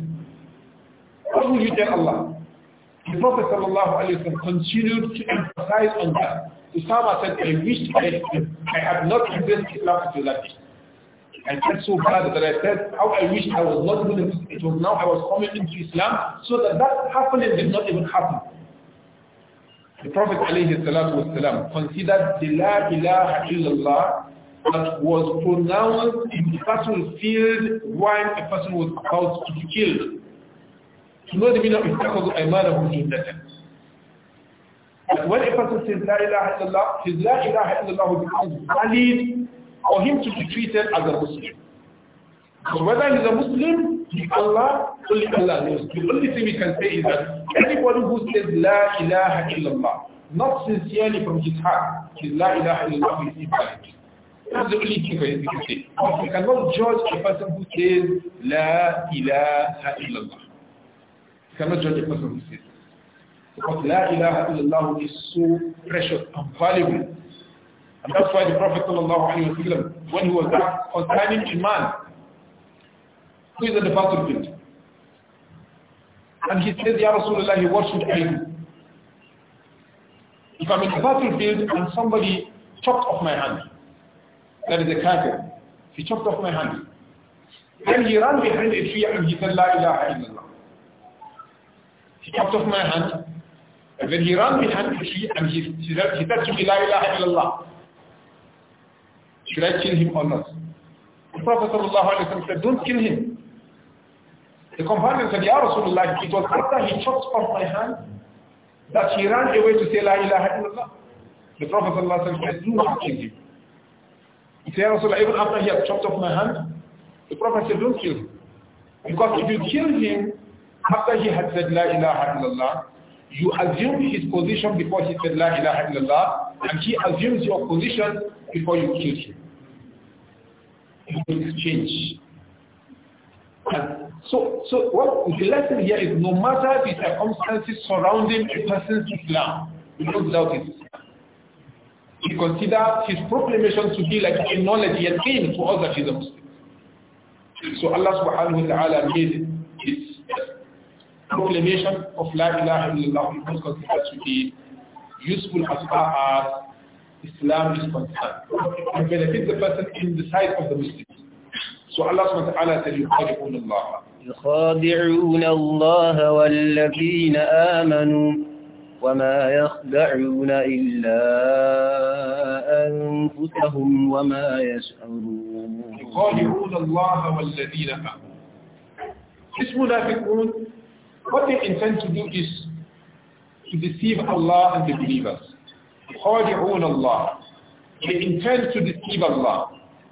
What would you tell Allah? The Prophet صلى الله عليه وسلم continued to emphasize on that. Usama said, I wish I, I had not embraced Islam until that day. I felt so bad that I said, how I wish I was not going to, it was now I was coming into Islam, so that that happening did not even happen. The Prophet والسلام, considered the La ilaha illallah that was pronounced in the battlefield field when a person was about to be killed. To know the meaning of Ittaqadu Aymanahum Indatan. That when a person says La ilaha illallah, his La ilaha illallah becomes valid for him to be treated as a Muslim. So whether he's a Muslim, Allah, only Allah knows. The only thing we can say is that anybody who says La ilaha illallah, not sincerely from his heart, is La ilaha illallah is invalid. That's the only thing we can say. But we cannot judge a person who says La ilaha illallah. We cannot judge a person who says Because La ilaha illallah is so precious and valuable. And that's why the Prophet وسلم, when he was asked concerning Iman, who is at the battlefield. And he says, Ya Rasulullah, what should I do? If I'm in the battlefield and somebody chopped off my hand, that is a kafir, he chopped off my hand. Then he ran behind a tree and he said, La ilaha illallah. He chopped off my hand, and then he ran behind a tree and he, he, said, he said to me, La ilaha illallah. Should I kill him or not? The Prophet said, don't kill him. The companion said, Ya Rasulullah, it was after he chopped off my hand that he ran away to say La ilaha illallah. The Prophet said, do not kill him. He said, Ya Rasulullah, even after he had chopped off my hand, the Prophet said, don't kill him. Because if you kill him after he had said La ilaha illallah, you assume his position before he said La ilaha illallah, and he assumes your position before you kill him. It will change. And so, so what the lesson here is no matter the circumstances surrounding a person's Islam, we don't doubt it. He considers his proclamation to be like a knowledge and thing to other that Muslim. So Allah subhanahu wa ta'ala made his proclamation of La ilaha illallah he was considered to be useful as far as Islam is concerned and benefit the person in the sight of the Muslims. So Allah subhanahu wa ta'ala said, you Allah." يخادعون الله والذين آمنوا وما يخدعون إلا أنفسهم وما يشعرون يخادعون الله والذين آمنوا اسم منافقون What they intend to do is to deceive Allah and the believers. يخادعون الله They intend to deceive Allah.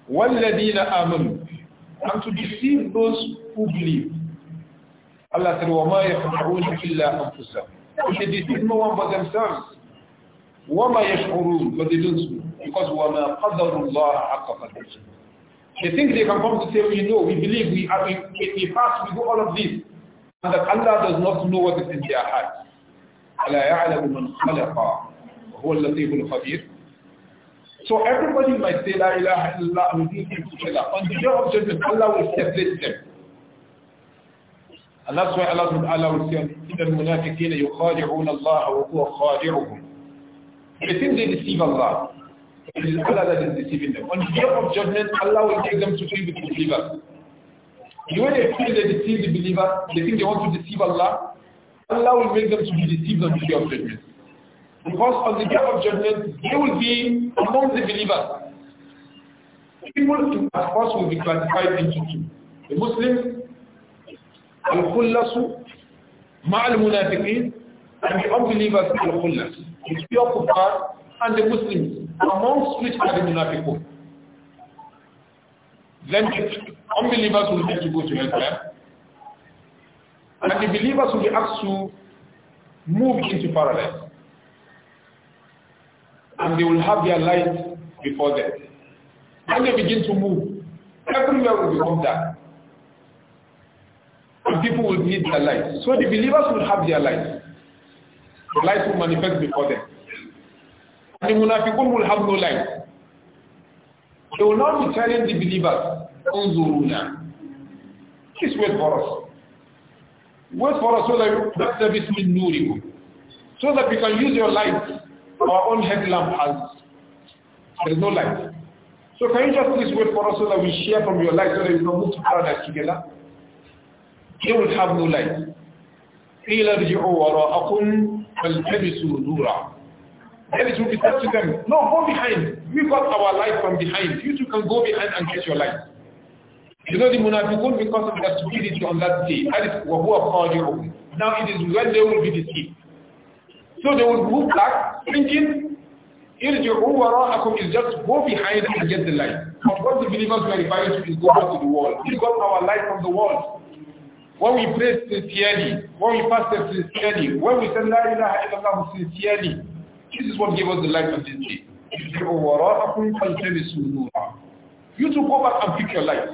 والذين آمنوا and to deceive those who believe. Allah said, وَمَا يَخْمَعُونَ إِلَّا أَنفُسَهُمْ They deceive no one but themselves. وَمَا يَشْعُرُونَ But they don't know. Because وَمَا قَدَرُ اللَّهَ حَقَّ قَدْرِهِ They think they can come to say, we know, we believe, we, are, we, we pass we do all of this. And that Allah does not know what is in their hearts. أَلَا يَعْلَمُ مَنْ خَلَقَ وَهُوَ اللَّطِيفُ الْخَبِيرُ so everybody might say, La ilaha illallah, we do things On the day of judgment, Allah will separate them. And that's why Allah subhanahu will say, إِنَّ الْمُنَافِقِينَ يُخَادِعُونَ اللَّهَ وَهُوَ خَادِعُهُم They think they deceive Allah. It is Allah that is deceiving them. On the day of judgment, Allah will take them to be the believers. The way they feel they deceive the believers, they think they want to deceive Allah, Allah will make them to be deceived on the day of judgment. Because on the day of judgment, they will be among the believers. People, of course, will be classified into two. The Muslims, al-khullasu, ma'al munafiqin, and the unbelievers, al-khullas. The pure kuffar and the Muslims, amongst which are the munafiqun. Then the unbelievers will have to go to hellfire. And the believers will be asked to move into paradise and they will have their light before them. When they begin to move, everywhere will become dark. And people will need their light. So the believers will have their light. The light will manifest before them. And the munafiqun will have no light. They will not be telling the believers, Unzuruna. Please wait for us. Wait for us so that, so that we can use your light our own headlamp has, there is no light. So can you just please wait for us so that we share from your light so that we can move to paradise together? They will have no light. قِيلَ رِجِعُوا وَرَاءَكُمْ فَالْتَبِسُوا نُورًا Then it will be said to them, no, go behind. We got our light from behind. You two can go behind and get your light. You know the munafiqun because of their stupidity on that day. That is Now it is when they will be deceived. So they will move back thinking, your wara'akum is just go behind and get the light. But what the believers were referring to is go back to the wall. We got our light from the wall. When we pray sincerely, when we fast sincerely, when we send la ilaha illallah sincerely, this is what gave us the light of this day. You to go back and pick your light.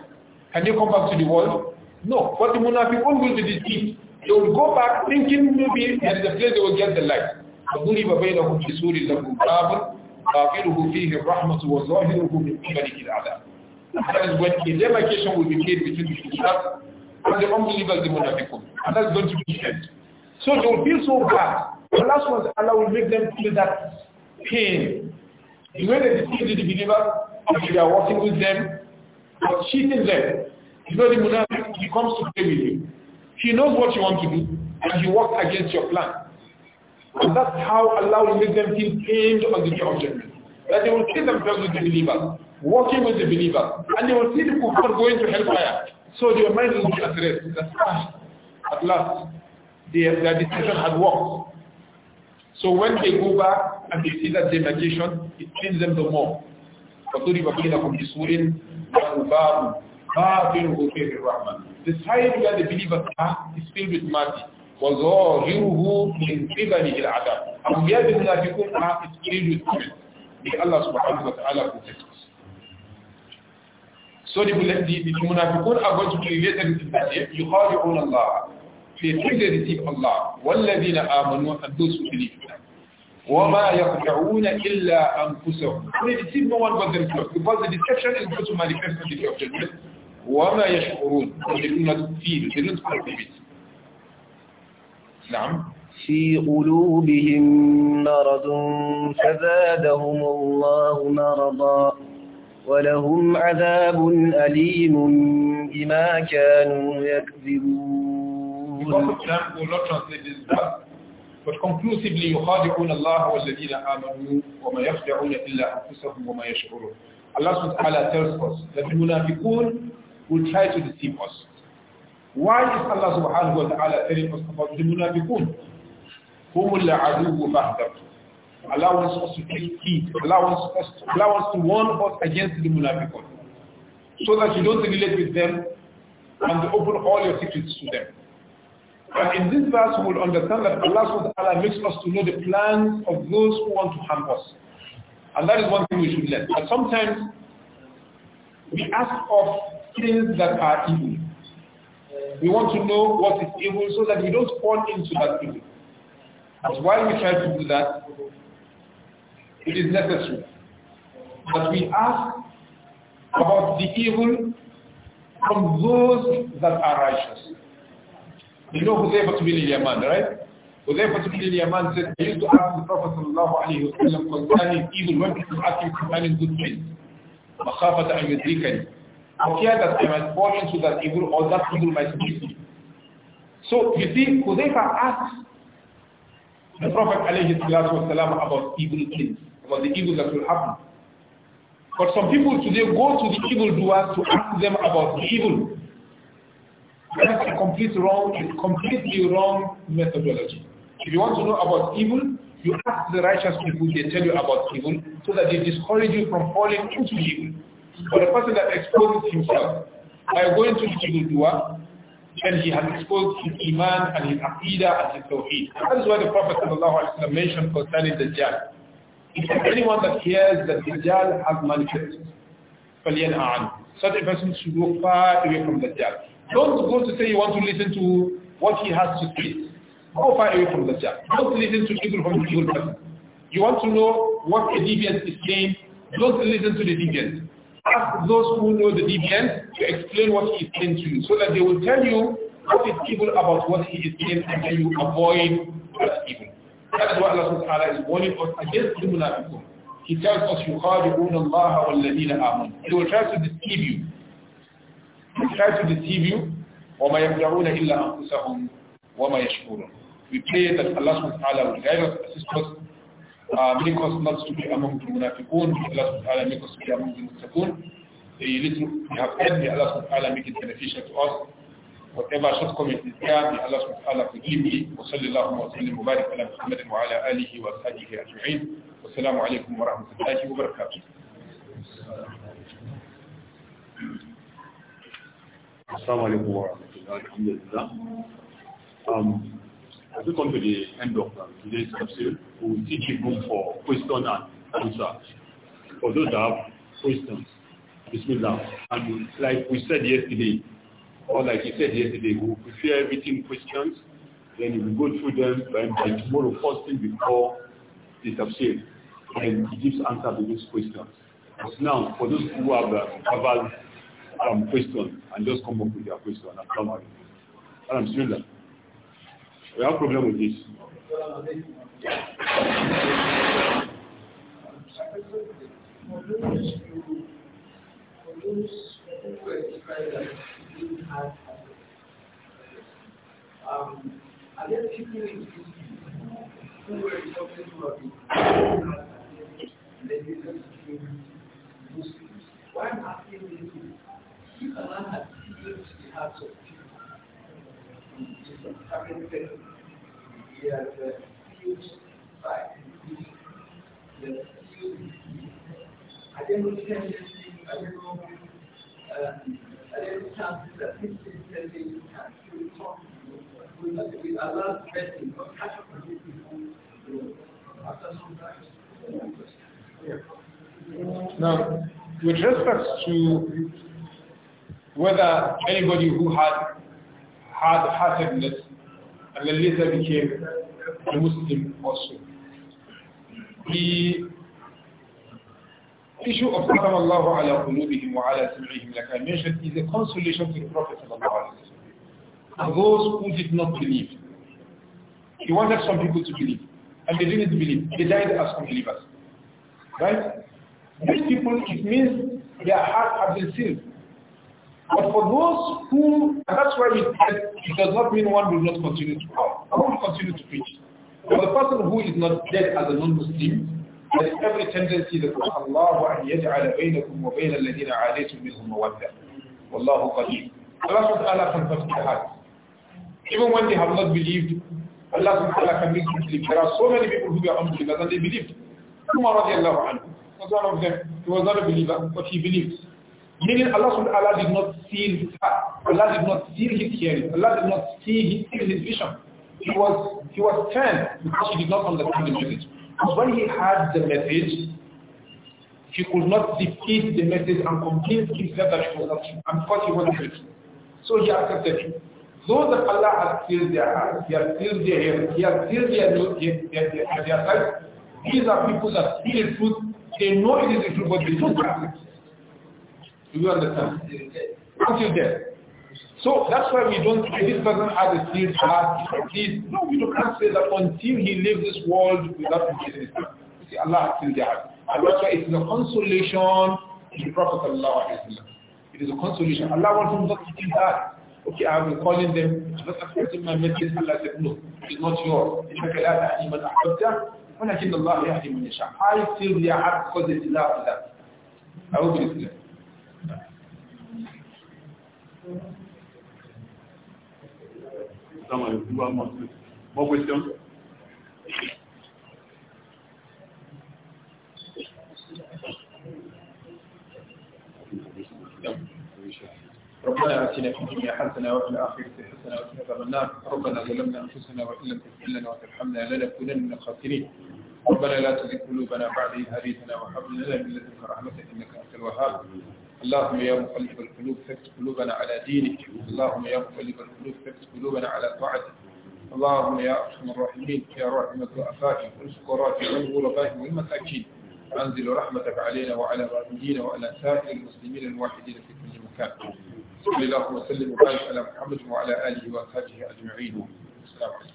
Can you come back to the world? No. But the munafiqun will be deceived. They would go back thinking maybe at the place they will get the light. فضرب بينهم بسور له باب باطله فيه الرحمة وظاهره من قبله العذاب. That is when a demarcation will be made between the Islam and the unbelievers, the Munafiqun. And that's going to be end. So they will feel so bad. The last ones, Allah will make them feel that pain. The way they deceive the believers, if they are working with them, or cheating them. You know the Munafiq, he comes to play with you. He knows what you want to do, and he works against your plan. And that's how Allah will make them feel pained on the day of judgment. That they will see themselves with the believer, working with the believer, and they will see the people going to hellfire. So their mind will be at rest. That's at last, their, their decision has worked. So when they go back and they see that demarcation, it pains them the more. باطنه فيه The side where the believers is filled with mercy وظاهره من the العذاب and where the munafiqun are is filled with torment May Allah subhanahu wa ta'ala protect us So the, the, the munafiqun are going to be related with that يخادعون الله They think they deceive Allah والذين آمنوا and those who believe in them وما يخدعون إلا أنفسهم They deceive no one but themselves because the deception is going to manifest on the day وما يشعرون يقولون do not feel نعم في قلوبهم مرض فزادهم الله مرضا ولهم عذاب أليم بما كانوا يكذبون But conclusively يخادعون الله والذين آمنوا وما يخدعون إلا أنفسهم وما يشعرون Allah subhanahu wa ta'ala tells us that المنافقون will try to deceive us. Why is Allah subhanahu wa ta'ala telling us about the munafiqun? Humul Allah wants us to take heed. Allah wants, us to, Allah wants to warn us against the munafiqun. So that you don't relate with them and open all your secrets to them. But in this verse we will understand that Allah subhanahu wa ta'ala makes us to know the plans of those who want to harm us. And that is one thing we should learn. But sometimes we ask of things that are evil. We want to know what is evil so that we don't fall into that evil. That's why we try to do that. It is necessary that we ask about the evil from those that are righteous. You know Huzaifa bin al-Yaman, right? Huzaifa bin al-Yaman said, I used to ask the Prophet concerning evil when people ask him concerning good things. مخافة أن يدركني I fear that I might fall into that evil or that evil might be. me. So you see, have asked the Prophet والسلام, about evil things, about the evil that will happen. But some people today go to the evil doers to ask them about the evil. That's a complete wrong, a completely wrong methodology. If you want to know about evil, you ask the righteous people, they tell you about evil, so that they discourage you from falling into evil. But the person that exposes himself by going to the evil then he has exposed his iman and his aqidah and his tawheed. That is why the Prophet ﷺ mentioned concerning Dajjal. If anyone that hears that Dajjal has manifested, فَلْيَنْهَا Such a person should go far away from the Dajjal. Don't go to say you want to listen to what he has to say. Go far away from the Dajjal. Don't listen to people from the evil person. You want to know what a deviant is saying, don't listen to the deviant ask those who know the D B N to explain what he is saying to you so that they will tell you what is evil about what he is saying and then you avoid that evil. That is why Allah subhanahu wa ta'ala is warning us against the munafiqun. He tells us, يُخَادِعُونَ اللَّهَ وَالَّذِينَ آمَنُوا They will try to deceive you. They will try to deceive you. وَمَا يَخْدَعُونَ إِلَّا أَنفُسَهُمْ وَمَا يَشْكُرُونَ We pray that Allah subhanahu wa ta'ala will guide us, assist us, uh, make us not to be among the munafiqun, Allah subhanahu wa ta'ala make us to be among the muttaqun. The little we have said, may Allah subhanahu wa ta'ala make it beneficial to us. Whatever shortcomings is there, may Allah subhanahu wa ta'ala forgive me. Wa sallallahu wa sallam wa barik ala Muhammadin wa ala alihi wa sahbihi ajma'in. Wassalamu alaikum wa rahmatullahi wa barakatuh. Assalamu alaikum wa rahmatullahi wa barakatuh. Um, As we come to the end of um, today's episode, we will still you for question and answer. For those that have questions, Bismillah. And like we said yesterday, or like you said yesterday, we'll prepare everything questions, then we will go through them by, by tomorrow first thing before the tafsir, and it gives answer to those questions. But now, for those who have uh, covered um, questions, and just come up with their question, and am out. Bismillah. We have problem with this. Um, are people who talking about the Why i asking this if Allah has healed the now, with respect to whether anybody who had hard-heartedness, and then later became a Muslim also. The issue of Qatam Allahu ala qulubihim wa ala sam'ihim, like I mentioned, is a consolation to the Prophet for those who did not believe. He wanted some people to believe, and they didn't believe. They died as unbelievers. Right? These people, it means their heart has been sealed. But for those who, and that's why we said it does not mean one will not continue to come. I will continue to preach. For the person who is not dead as a non-Muslim, there is every tendency that Allah أن يجعل بينكم وبين الذين عاديتم منهم Allah ta'ala can touch their hearts. Even when they have not believed, Allah subhanahu wa ta'ala can make them believe. There are so many people who were unbelievers and they believed. Umar anhu was one of them. He was not a believer, but he believed. Meaning Allah subhanahu wa ta'ala did not see his heart. Allah did not see his hearing. Allah did not see his, his vision. He was, he was turned because he did not understand the message. Because when he had the message, he could not defeat the message and convince himself that he was not true and because he was not So he accepted it. that Allah has filled their hearts, he has filled their ears, he has filled their, their, their, their, their sight, these are people that see the truth, they know it is the truth, but they don't practice it. Do you understand? Until death. So that's why we don't say this person has a sealed heart. He's, no, we don't can't say that until he leaves this world without forgetting Islam. You see, Allah has sealed their heart. And that's why it is a consolation to the Prophet It is a consolation. Allah wants him not to think that. Okay, I have been calling them, I'm not accepting my message. Allah said, no, it's not yours. إِنَّكَ لَا تَعْلِمَ I feel their heart because they love that. I hope it is clear. More questions? ربنا آتنا في الدنيا حسنة وفي الآخرة حسنة وقنا عذاب النار ربنا ظلمنا أنفسنا وإن لم تغفر لنا وترحمنا لنكونن من الخاسرين ربنا لا تزغ قلوبنا بعد إذ هديتنا وهب لنا من لدنك رحمة إنك أنت الوهاب اللهم يا مقلب القلوب ثبت قلوبنا على دينك اللهم يا مقلب القلوب ثبت قلوبنا على طاعتك اللهم يا ارحم الراحمين يا راحم الضعفاء والفقراء والغرباء والمساكين انزل رحمتك علينا وعلى والدينا وعلى سائر المسلمين الواحدين في كل مكان صلى الله وسلم وبارك على محمد وعلى اله واصحابه اجمعين السلام عليكم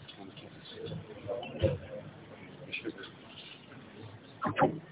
Thank you.